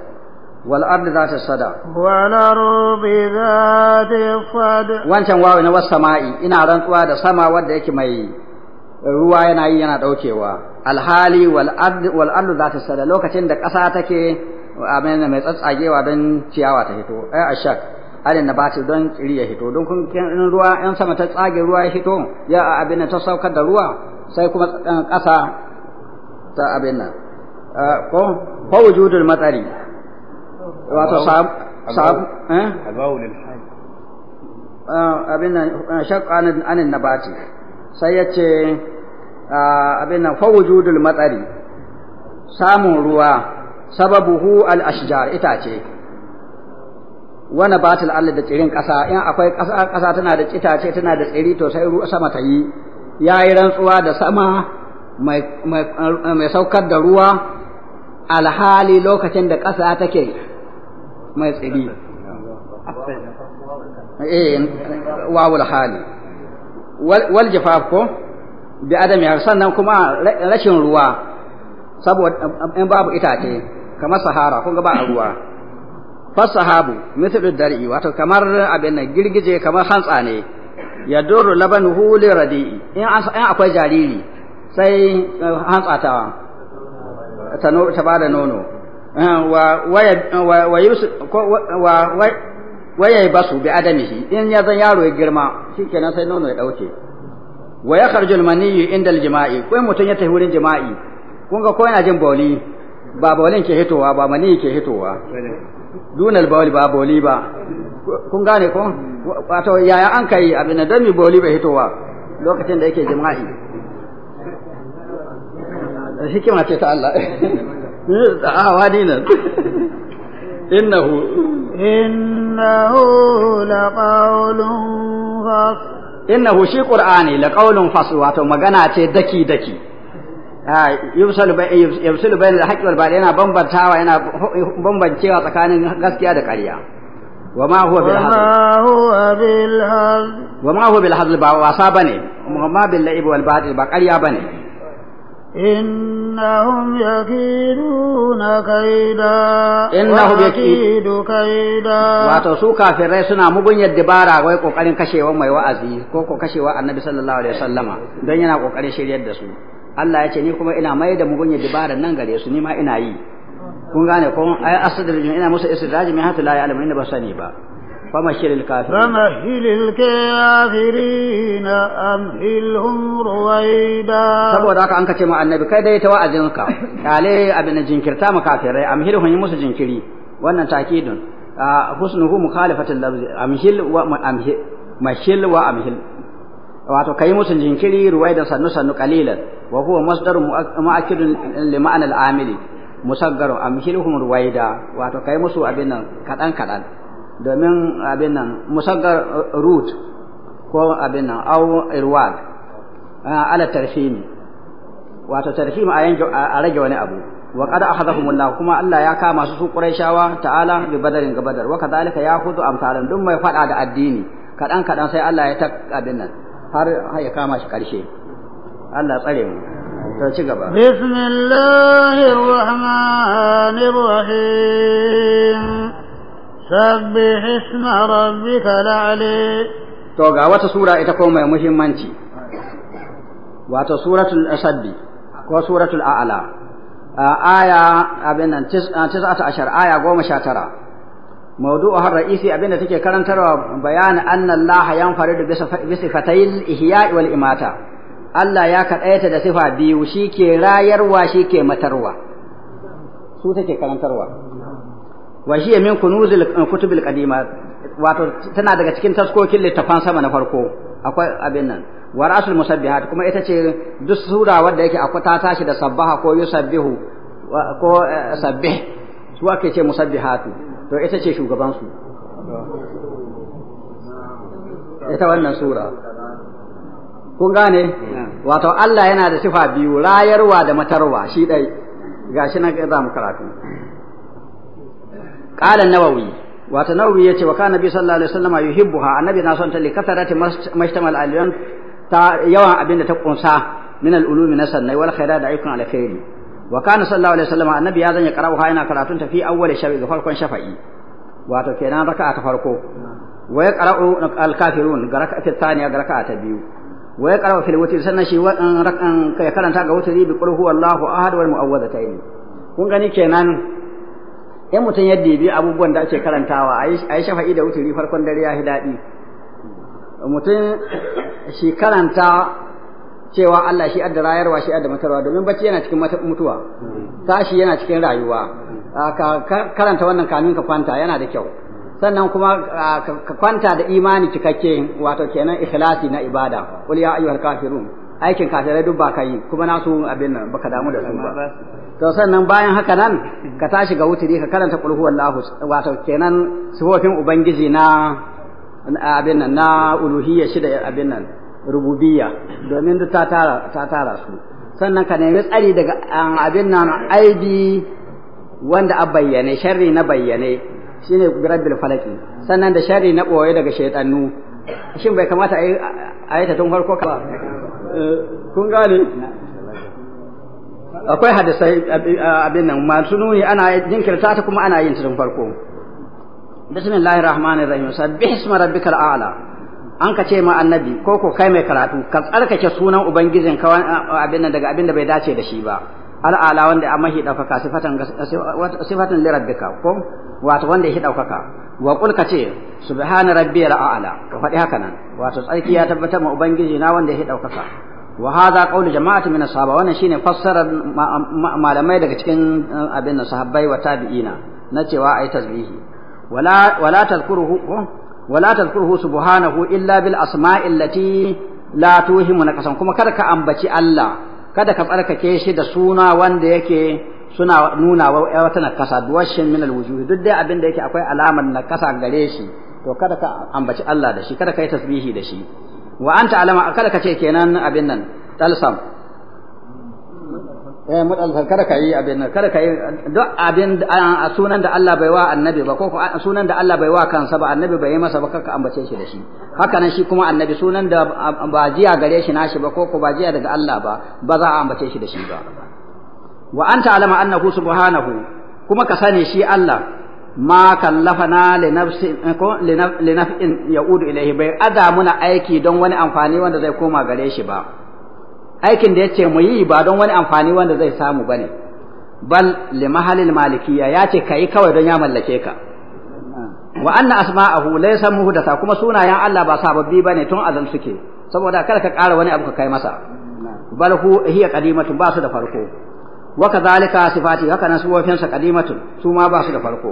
والأرض ذات الصدى والأرض ذات الصدى وانشان واو نوا السماء إنا رنقوا دا سما ود يكي مي ruwa yana yi yana daukewa alhali wal ard wal ard za ta sada lokacin da ƙasa take amen mai tsatsagewa don ciyawa ta hito ai ashak alin nabati don tsiri ya hito don kun in ruwa in sama ta tsage ruwa ya hito ya abin ta saukar da ruwa sai kuma ƙasa ta abin nan ko ko wujudul matsari wato sab sab eh ah, abin nan ah, shaqqa anan nabati sai yace ah, abin nan fa wujudul matsari samun ruwa sababuhu al ashjar itace wa nabatul alli da tsirin kasa in akwai kasa kasa tana da itace tana da tsiri to sai ruwa sama ta yi yayi rantsuwa da sama mai mai saukar da ruwa alhali lokacin da kasa take mai tsiri eh wawul hali wal jafaf ko bi adami sannan kuma rashin ruwa saboda in babu itace kamar sahara kun ga ba ruwa sahabu mithlu dar'i wato kamar abin nan girgije kamar hantsa ne ya duru labanuhu li radi'i in akwai jariri sai eh, hantsa ta ta bada nono wa ya basu bi adamihi in ya zan yaro ya girma shikenan sai nono ya dauke wa ya kharjul maniyyu inda jima'i ko mutum ya tafi wurin jima'i kun ga ko yana jin bauli ba baulin ke hitowa ba mani ke hitowa dunal bauli ba bauli ba kun gane ko wato yaya an kai abin da mi bauli bai hitowa lokacin da yake jima'i hikima ce ta Allah إنه إنه لقول فصل إنه شي قرآني لقول فصل واتو مغانا تي دكي دكي آه، يبسل يبسل بين الحق والبال هنا بمبر تاوى هنا بمبر تيوى تكاين غسك يادا قريا وما هو بالحظ وما هو بالحظ وما هو بالحظ وما هو بالحظ وما هو بالحظ وما هو بالحظ وما هو بالحظ وما هو بالحظ وما هو بالحظ وما هو بالحظ وما هو بالحظ إنهم يكيدون كيدا إنهم يكيد كيدا wato su kafirai suna mugunyar dabara wai kokarin kashewa mai wa'azi ko ko kashewa annabi sallallahu alaihi wasallama don yana kokarin shiryar da su Allah ya ce ni kuma ina mai da mugunyar dabara nan gare su ni ma ina yi kun gane ko ai asadirjin ina musu istidraji min hatta la ya'lamu inda ba sani ba فمشر الكافرين فمهل الكافرين أمهلهم رويدا سبو ذاك أنك تما النبي كيدا يتوأذنك عليه أبن جنكرتا مكافر أمهلهم يمس جنكري وأن تأكيد حسنه مخالفة اللفظ أمهل وأمهل مشل وأمهل wato kai musu jinkiri ruwai da sannu sannu qalilan wa huwa masdar mu'akkidun li ma'anal amili musaggar amhiluhum ruwaida wato kai musu abin nan kadan kadan domin abin nan musaggar root ko abin nan au irwal ala tarhimi wato tarhimi a yanke a rage wani abu wa qad akhadhahum Allah kuma Allah ya kama su su quraishawa ta'ala bi badarin ga badar wa kadhalika yakhudhu amsalan duk mai fada da addini kadan kadan sai Allah ya ta abin nan har ya kama shi karshe Allah tsare mu to ci gaba bismillahir rahmanir rahim sabbih isma rabbika la'ali to ga wata sura ita ko muhimmanci wato suratul asabbi ko suratul a'la aya abin nan 19 aya 19 mawdu'u har ra'isi abin da take karantarwa bayani anna Allah yanfaridu bi sifatayil ihya wal imata Allah ya kaɗaita da sifa biyu shi ke rayarwa shi ke matarwa su take karantarwa wa shi min kunuzil eh, kutubil qadima wato tana daga cikin taskokin littafan sama na farko akwai abin nan wa rasul musabbihat kuma ita ce duk sura wanda yake akwai ta tashi da sabbaha ko yusabbihu ko eh, sabbih su ake ce musabbihatu to ita ce shugaban su ita wannan sura kun gane wato Allah yana da sifa biyu rayarwa da matarwa shi dai gashi nan za mu karatu qala nawawi wato nawawi yace wa kana nabi sallallahu alaihi wasallam yuhibbuha annabi na son ta li kasarati mashtamal aliyan ta yawan abin da ta kunsa min al-ulumi na sannai wal khairat da ayyukan alkhairi wa kana sallallahu alaihi wasallam annabi ya zanya qara'uha yana karatun ta fi awwal shafi ga farkon shafa'i wato kenan raka ta farko wa ya qara'u al-kafirun ga raka'a ta thaniya ga ta biyu wa ya qara'u fil witr sannan shi wadan rakan kai karanta ga wutri bi qul huwallahu ahad wal mu'awwidhatayn kun gani kenan in mutum yadda ya bi abubuwan da ake karantawa a yi shafa'i da wuturi farkon dare ya fi daɗi mutum shi karanta cewa Allah shi adda rayarwa shi adda matarwa domin bacci yana cikin mutuwa tashi yana cikin rayuwa ka karanta wannan kamin ka kwanta yana da kyau sannan kuma ka kwanta da imani cikakke wato kenan ikhlasi na ibada qul ya ayyuhal kafirun aikin kafirai duk ba ka yi kuma na su abin nan baka damu da su ba to sannan bayan haka nan ka tashi ga wuturi ka karanta qul huwallahu wato kenan sifofin ubangiji na abin nan na uluhiyya shida abin nan rububiyya domin duk ta tara su sannan ka nemi tsari daga abin nan aidi wanda a bayyane sharri na bayyane shine rabbil falaki sannan da sharri na boye daga shaytanu shin bai kamata a yi ta tun farko ka ba kun gane akwai hadisai abin nan masu nuni ana jinkirta ta kuma ana yin tun farko bismillahir rahmanir rahim sabbih isma rabbikal a'la an ka ce ma annabi ko ko kai mai karatu ka tsarkake sunan ubangijin ka abin nan daga abin da bai dace da shi ba al'ala wanda amma shi daukaka sifatan sifatan li ko wato wanda shi daukaka wa qul kace subhana rabbiyal a'la ka faɗi haka nan wato tsarki ya tabbatar ma ubangiji na wanda shi daukaka wa hadha qawlu jama'atin min ashaba wannan shine fassara malamai daga cikin eh, abin sahabbai wa tabi'ina na cewa ai tasbihi wala wala tadhkuruhu wala tadhkuruhu subhanahu illa bil asma'i allati la tuhimu kasan kuma kada ka ambaci Allah kada ka tsarkake shi da suna wanda yake suna nuna wata nakasa duwashin min alwujuh duk dai abin da yake akwai alamar nakasa gare shi to kada ka ambaci Allah da shi kada ka yi tasbihi da shi wa anta alama kada ka ce kenan abin nan talsam eh mutal kada ka yi abin nan kada ka yi duk abin a sunan da Allah bai wa annabi ba ko sunan da Allah bai wa kansa ba annabi bai yi masa ba kaka ambace shi da shi haka nan shi kuma annabi sunan da ba jiya gare shi nashi ba ko ko ba jiya daga Allah ba ba za a ambace shi da shi ba wa anta alama annahu subhanahu kuma ka sani shi Allah ma kallafana li nafsi eh, ko li nafin yaudu ilayhi bai ada aiki don wani amfani wanda zai koma gare shi ba aikin da ce mu yi ba don wani amfani wanda zai samu bane bal li mahalil malikiyya yace kai kawai don ya mallake ka wa anna asma'ahu laysa muhdatha kuma sunayen Allah ba sababbi bane tun azal suke saboda kada ka ƙara wani abu ka kai masa bal hu hiya qadimatun ba su da farko wa kadhalika sifati haka nan suwafin sa qadimatun su ma ba su da farko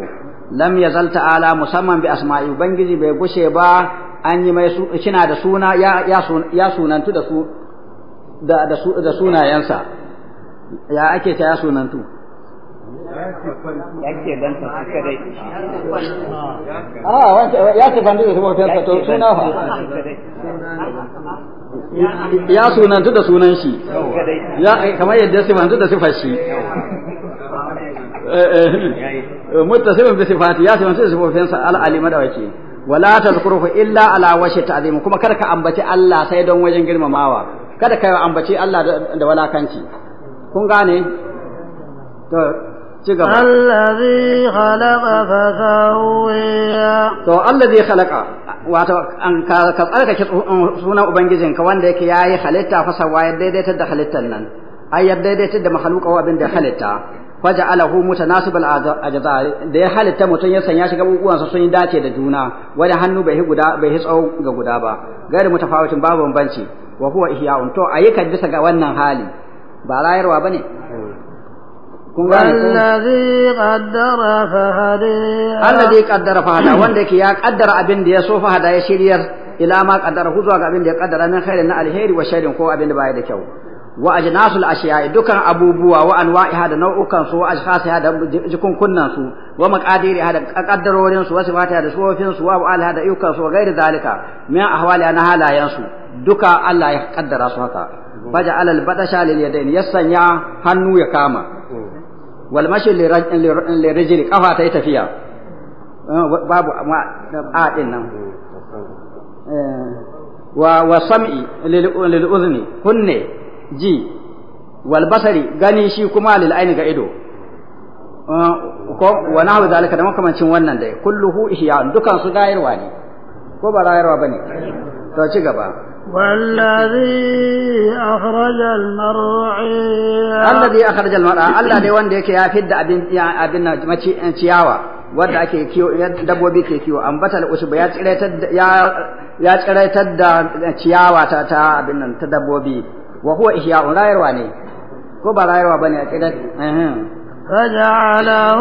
lam yazal ta'ala musamman bi asma'i ubangiji bai gushe ba an yi mai suna da suna ya sunantu da su da da sunayensa ya ake ta ya sunantu ya ah, ta da ya ke suna fa ya sunantu da sunan shi kamar yadda ya sifantu da sifar shi eh, eh. eh, muttasimin bi sifati ya sifantu da sifofinsa al'alima da wake wala tazkuruhu illa ala washi ta'zim kuma kada ka ambaci Allah sai don wajen girmamawa kada ka ambaci Allah da walakanci kun gane to ci gaba allazi khalaqa fa sawwa to allazi khalaqa wato an ka ka tsarkake sunan ka wanda yake yayi halitta fa sawwa ya daidaitar da halittar nan ai yadda daidaitar da mahaluka wa abin da halitta faja'alahu mutanasibal ajza da ya halitta mutum ya sanya shi gabubuwan sa sun yi dace da juna wani hannu bai hi guda bai hi tsawo ga guda ba gairi mutafawitin babu bambanci wa huwa ihya'un to ayyukan bisa ga wannan hali ba rayarwa bane Alladhi qaddara fahada Alladhi qaddara fahada wanda yake ya kaddara abin da ya so fa hada, ya shiryar ila ma qaddara zuwa ga abin da ya kaddara min khairin na alheri wa sharrin ko abin da baya da kyau wa ajnasul ashiya'i dukan abubuwa wa anwa'iha da nau'ukan su wa ashkhasiha da jikunkunnan su wa maqadiriha da kaddarorin su wa sifatiha da sufofin su wa ba'alha da ayyukan su wa ghairi zalika min ahwaliha na halayen su duka Allah ya kaddara su haka baja alal badasha lil yadayn yassanya hannu ya kama wal mashi li rijli kafa ta tafiya eh, babu a din nan eh, wa sam'i lil uzni kunne ji wal basari gani shi kuma lil aini ga ido uh, ko wa nahwa zalika da makamancin wannan dai kulluhu ihya dukan su gayarwa ne ko ba rayarwa bane to ci gaba والذي أخرج المرعى الذي أخرج المرعى الله دي وان ديك ya فد أبن abin أبن ciyawa wanda ake kiwo dabbobi ke kiwo ambata al'usuba ya tsiraitar ya ya tsiraitar da ciyawa ta ta abin nan ta dabbobi wa huwa ihya'un rayarwa ne ko ba rayarwa bane a kidan فجعله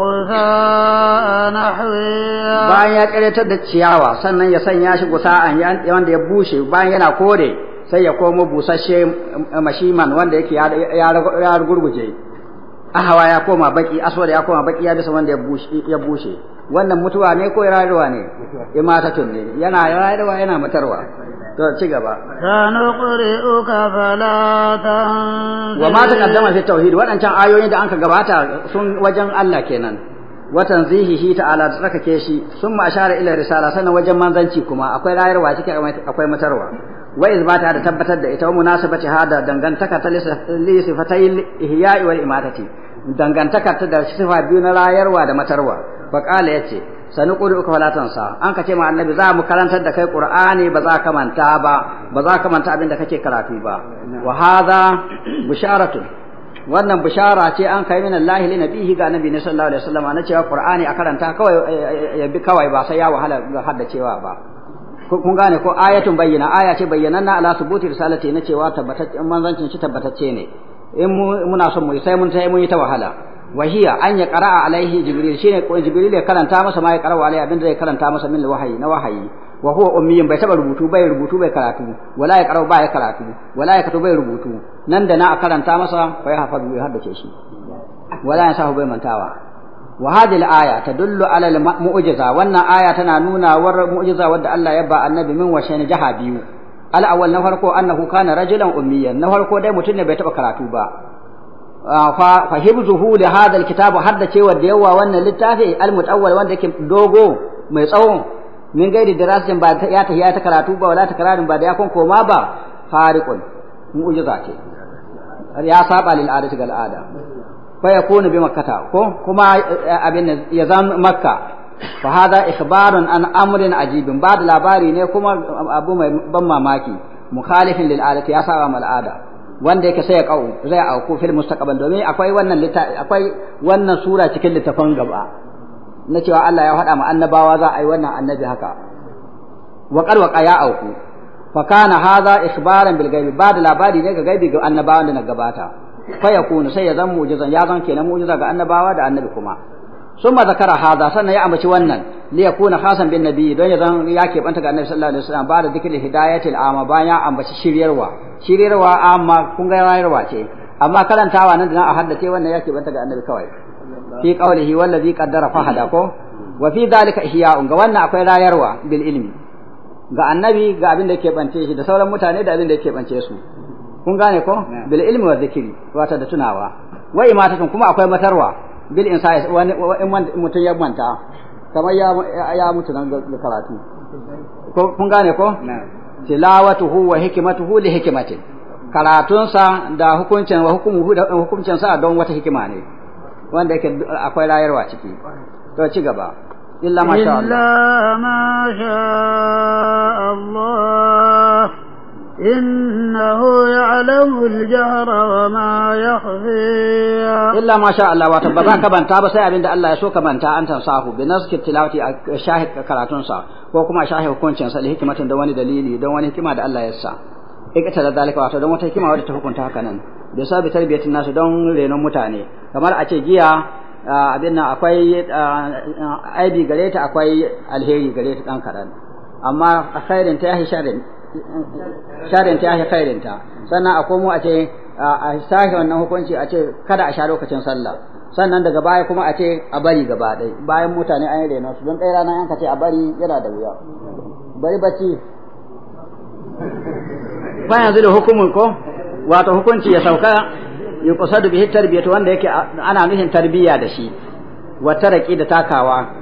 غثاء نحويا bayan ya karatar da ciyawa sannan ya sanya shi gusa'an wanda ya bushe bayan yana kore sai ya komo busasshe mashiman wanda yake ya gurguje ahawa ya koma baki aswad ya koma baki ya bisa wanda ya bushe wannan mutuwa ne ko rayuwa ne imatatun ne yana rayuwa yana matarwa to ci gaba sanuqri'uka fala tansa wa ma taqaddama fi tauhid wadancan ayoyin da anka gabata sun wajen Allah kenan wa tanzihihi ta'ala tsakake shi summa ashara ila risala sanan wajen manzanci kuma akwai rayarwa cikin akwai matarwa wa izbata da tabbatar da ita munasabati hada dangantaka ta lisifatai ihya'i wal imatati dangantaka ta da sifa biyu na rayarwa da matarwa fa qala yace sani ƙuri uka sa an ka ce ma annabi za mu karantar da kai qur'ani ba za ka manta ba ba za ka manta abin da kake karatu ba wa hadha bisharatu wannan bishara ce an kai min Allah li nabihi ga nabi sallallahu alaihi wasallam na cewa qur'ani a karanta kawai eh, ya bi kawai ba sai ya wahala cewa ba kun gane ko ayatun bayyana aya ce bayyananna ala subuti risalati na cewa tabbatacce manzancin shi tabbatacce ne in muna son mu sai mun sai mun yi ta wahala wahiya an ya qara'a alaihi jibril shine ko ya karanta masa ma ya qara'a alaihi abinda zai karanta masa min wahayi na wahayi wa huwa ummiyin bai taba rubutu bai rubutu bai karatu wala ya qara'a bai karatu wala ya bai rubutu nan da na a karanta masa bai hafazu ya haddace shi wala ya bai mantawa wa hadhihi aya tadullu ala al-mu'jiza wannan aya tana nuna war mu'jiza wadda Allah ya ba annabi min washayn jiha biyu al-awwal na farko annahu kana rajulan ummiyan na farko dai mutum ne bai taba karatu ba fa hibzuhu da hada alkitabu hadda cewa da yawa wannan littafi almutawwal wanda yake dogo mai tsawo min gaidi dirasin ba ya ya ta karatu ba wala ta karatu ba da ya kon koma ba fariqun mu'jiza ce ya saba lil adati gal ada fa yakunu bi makkata ko kuma abin ya zan makka fa hada ikhbarun an amrin ajibin ba da labari ne kuma abu mai ban mamaki mukhalifin lil adati ya saba mal ada wanda yake sai ya kau zai auku fil mustaqbal domin akwai wannan akwai wannan sura cikin littafin gaba na cewa Allah ya faɗa ma annabawa za a yi wannan annabi haka wa qad ya auku fa kana hadha ikhbaran bil ghaibi ba da labari ne ga gaibi ga annabawan da na gabata fa yakunu sai ya zan mujiza ya zan kenan mu'jiza ga annabawa da annabi kuma Sun summa zakara hadha sannan ya ambaci wannan li yakuna khasan bin nabi don ya zan ya kebanta ga annabi sallallahu alaihi wasallam ba'da dhikri hidayati al'ama bayan ya ambaci shiryarwa shiryarwa amma kun ga rayarwa ce amma karantawa nan dan a haddace wannan ya kebanta ga annabi kawai fi qawlihi wallazi qaddara fa hada ko wa fi dhalika ihya'un ga wannan akwai rayarwa bil ilmi ga annabi ga abin da yake bance shi da sauran mutane da abin da yake bance su kun gane ko bil ilmi wa dhikri wata da tunawa wa imatatun kuma akwai matarwa bil insa wani in mutum ya manta kamar ya ya mutu nan ga karatu ko kun gane ko tilawatuhu wa hikmatuhu li hikmatin karatunsa da hukuncin wa hukumuhu da hukuncin sa don wata hikima ne wanda yake akwai rayarwa ciki to ci gaba illa ma sha Allah illa ma sha Allah innahu ya'lamu al-jahra wa ma yakhfi illa ma Allah wato ba za ka banta ba sai abinda Allah ya so ka banta an tansa hu bi naski tilawati a shahid karatun sa ko kuma shahid hukuncin sa hikimatin da wani dalili da wani hikima da Allah ya sa ikata da dalika wato don wata hikima wadda hukunta haka nan da sabi tarbiyatin nasu don renon mutane kamar a ce giya abin nan akwai aibi gare akwai alheri gare ta dan karan amma a khairin ta yahi sharin sharinta ya kairinta sannan a komo a ce a sahi wannan hukunci a ce kada a sha lokacin sallah sannan daga baya kuma a ce a bari gaba ɗaya bayan mutane an yi reno su don ɗaya rana yanka ce a bari yana da wuya bari bacci ba yanzu da hukumin ko wato hukunci ya sauka kusa da bihi tarbiyatu wanda yake ana nufin tarbiyya da shi wa taraki da takawa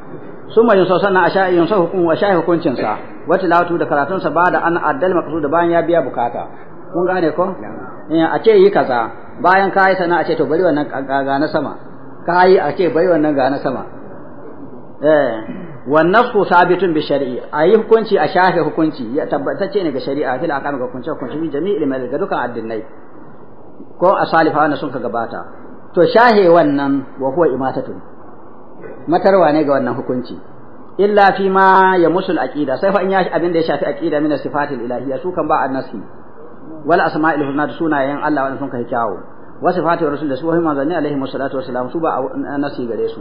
sun mai yunsa sannan a sha'i yunsa hukun wa sha'i hukuncinsa wata latu da karatunsa ba da an addal da bayan ya biya bukata kun gane ko eh, a ce yi kaza bayan ka yi sana a ce to bari wannan ga na sama ka yi a ce bari wannan ga na sama eh wannan su sabitun bi shari'i a yi hukunci a shafe hukunci ya tabbatacce ne ga shari'a fil aqam ga hukunci hukunci bi jami'il mal ga dukkan addinai ko a wannan sun ka gabata to shahe wannan wa huwa imatatun matarwa ne ga wannan hukunci illa fi ma ya musul aqida sai fa in ya abin da ya shafi aqida min sifatil ilahiyya su kan ba annasi wal asma'il husna da sunayen Allah wannan sun kai kyawu wa sifatu rasul da su wa himma zanni alaihi wasallatu wassalam su ba annasi gare su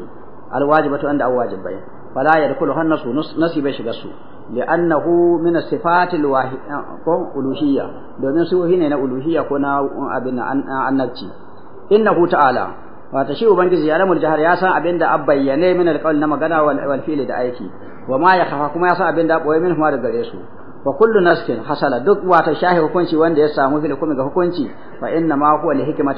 al wajibatu anda aw wajibai fala yadkhulu hanna su nasi bai shiga su li'annahu min sifatil wahid ko uluhiyya domin su ne na uluhiyya ko na abin annabci innahu ta'ala wata shi ubangiji ya lamul jahar ya san abinda an bayyane min alqawl na magana wal fi'li da aiki wa ma ya khafa kuma ya san abinda boye min kuma da gare su wa kullu naskin hasala duk wata shahi hukunci wanda ya samu fili kuma ga hukunci fa inna ma huwa li hikmati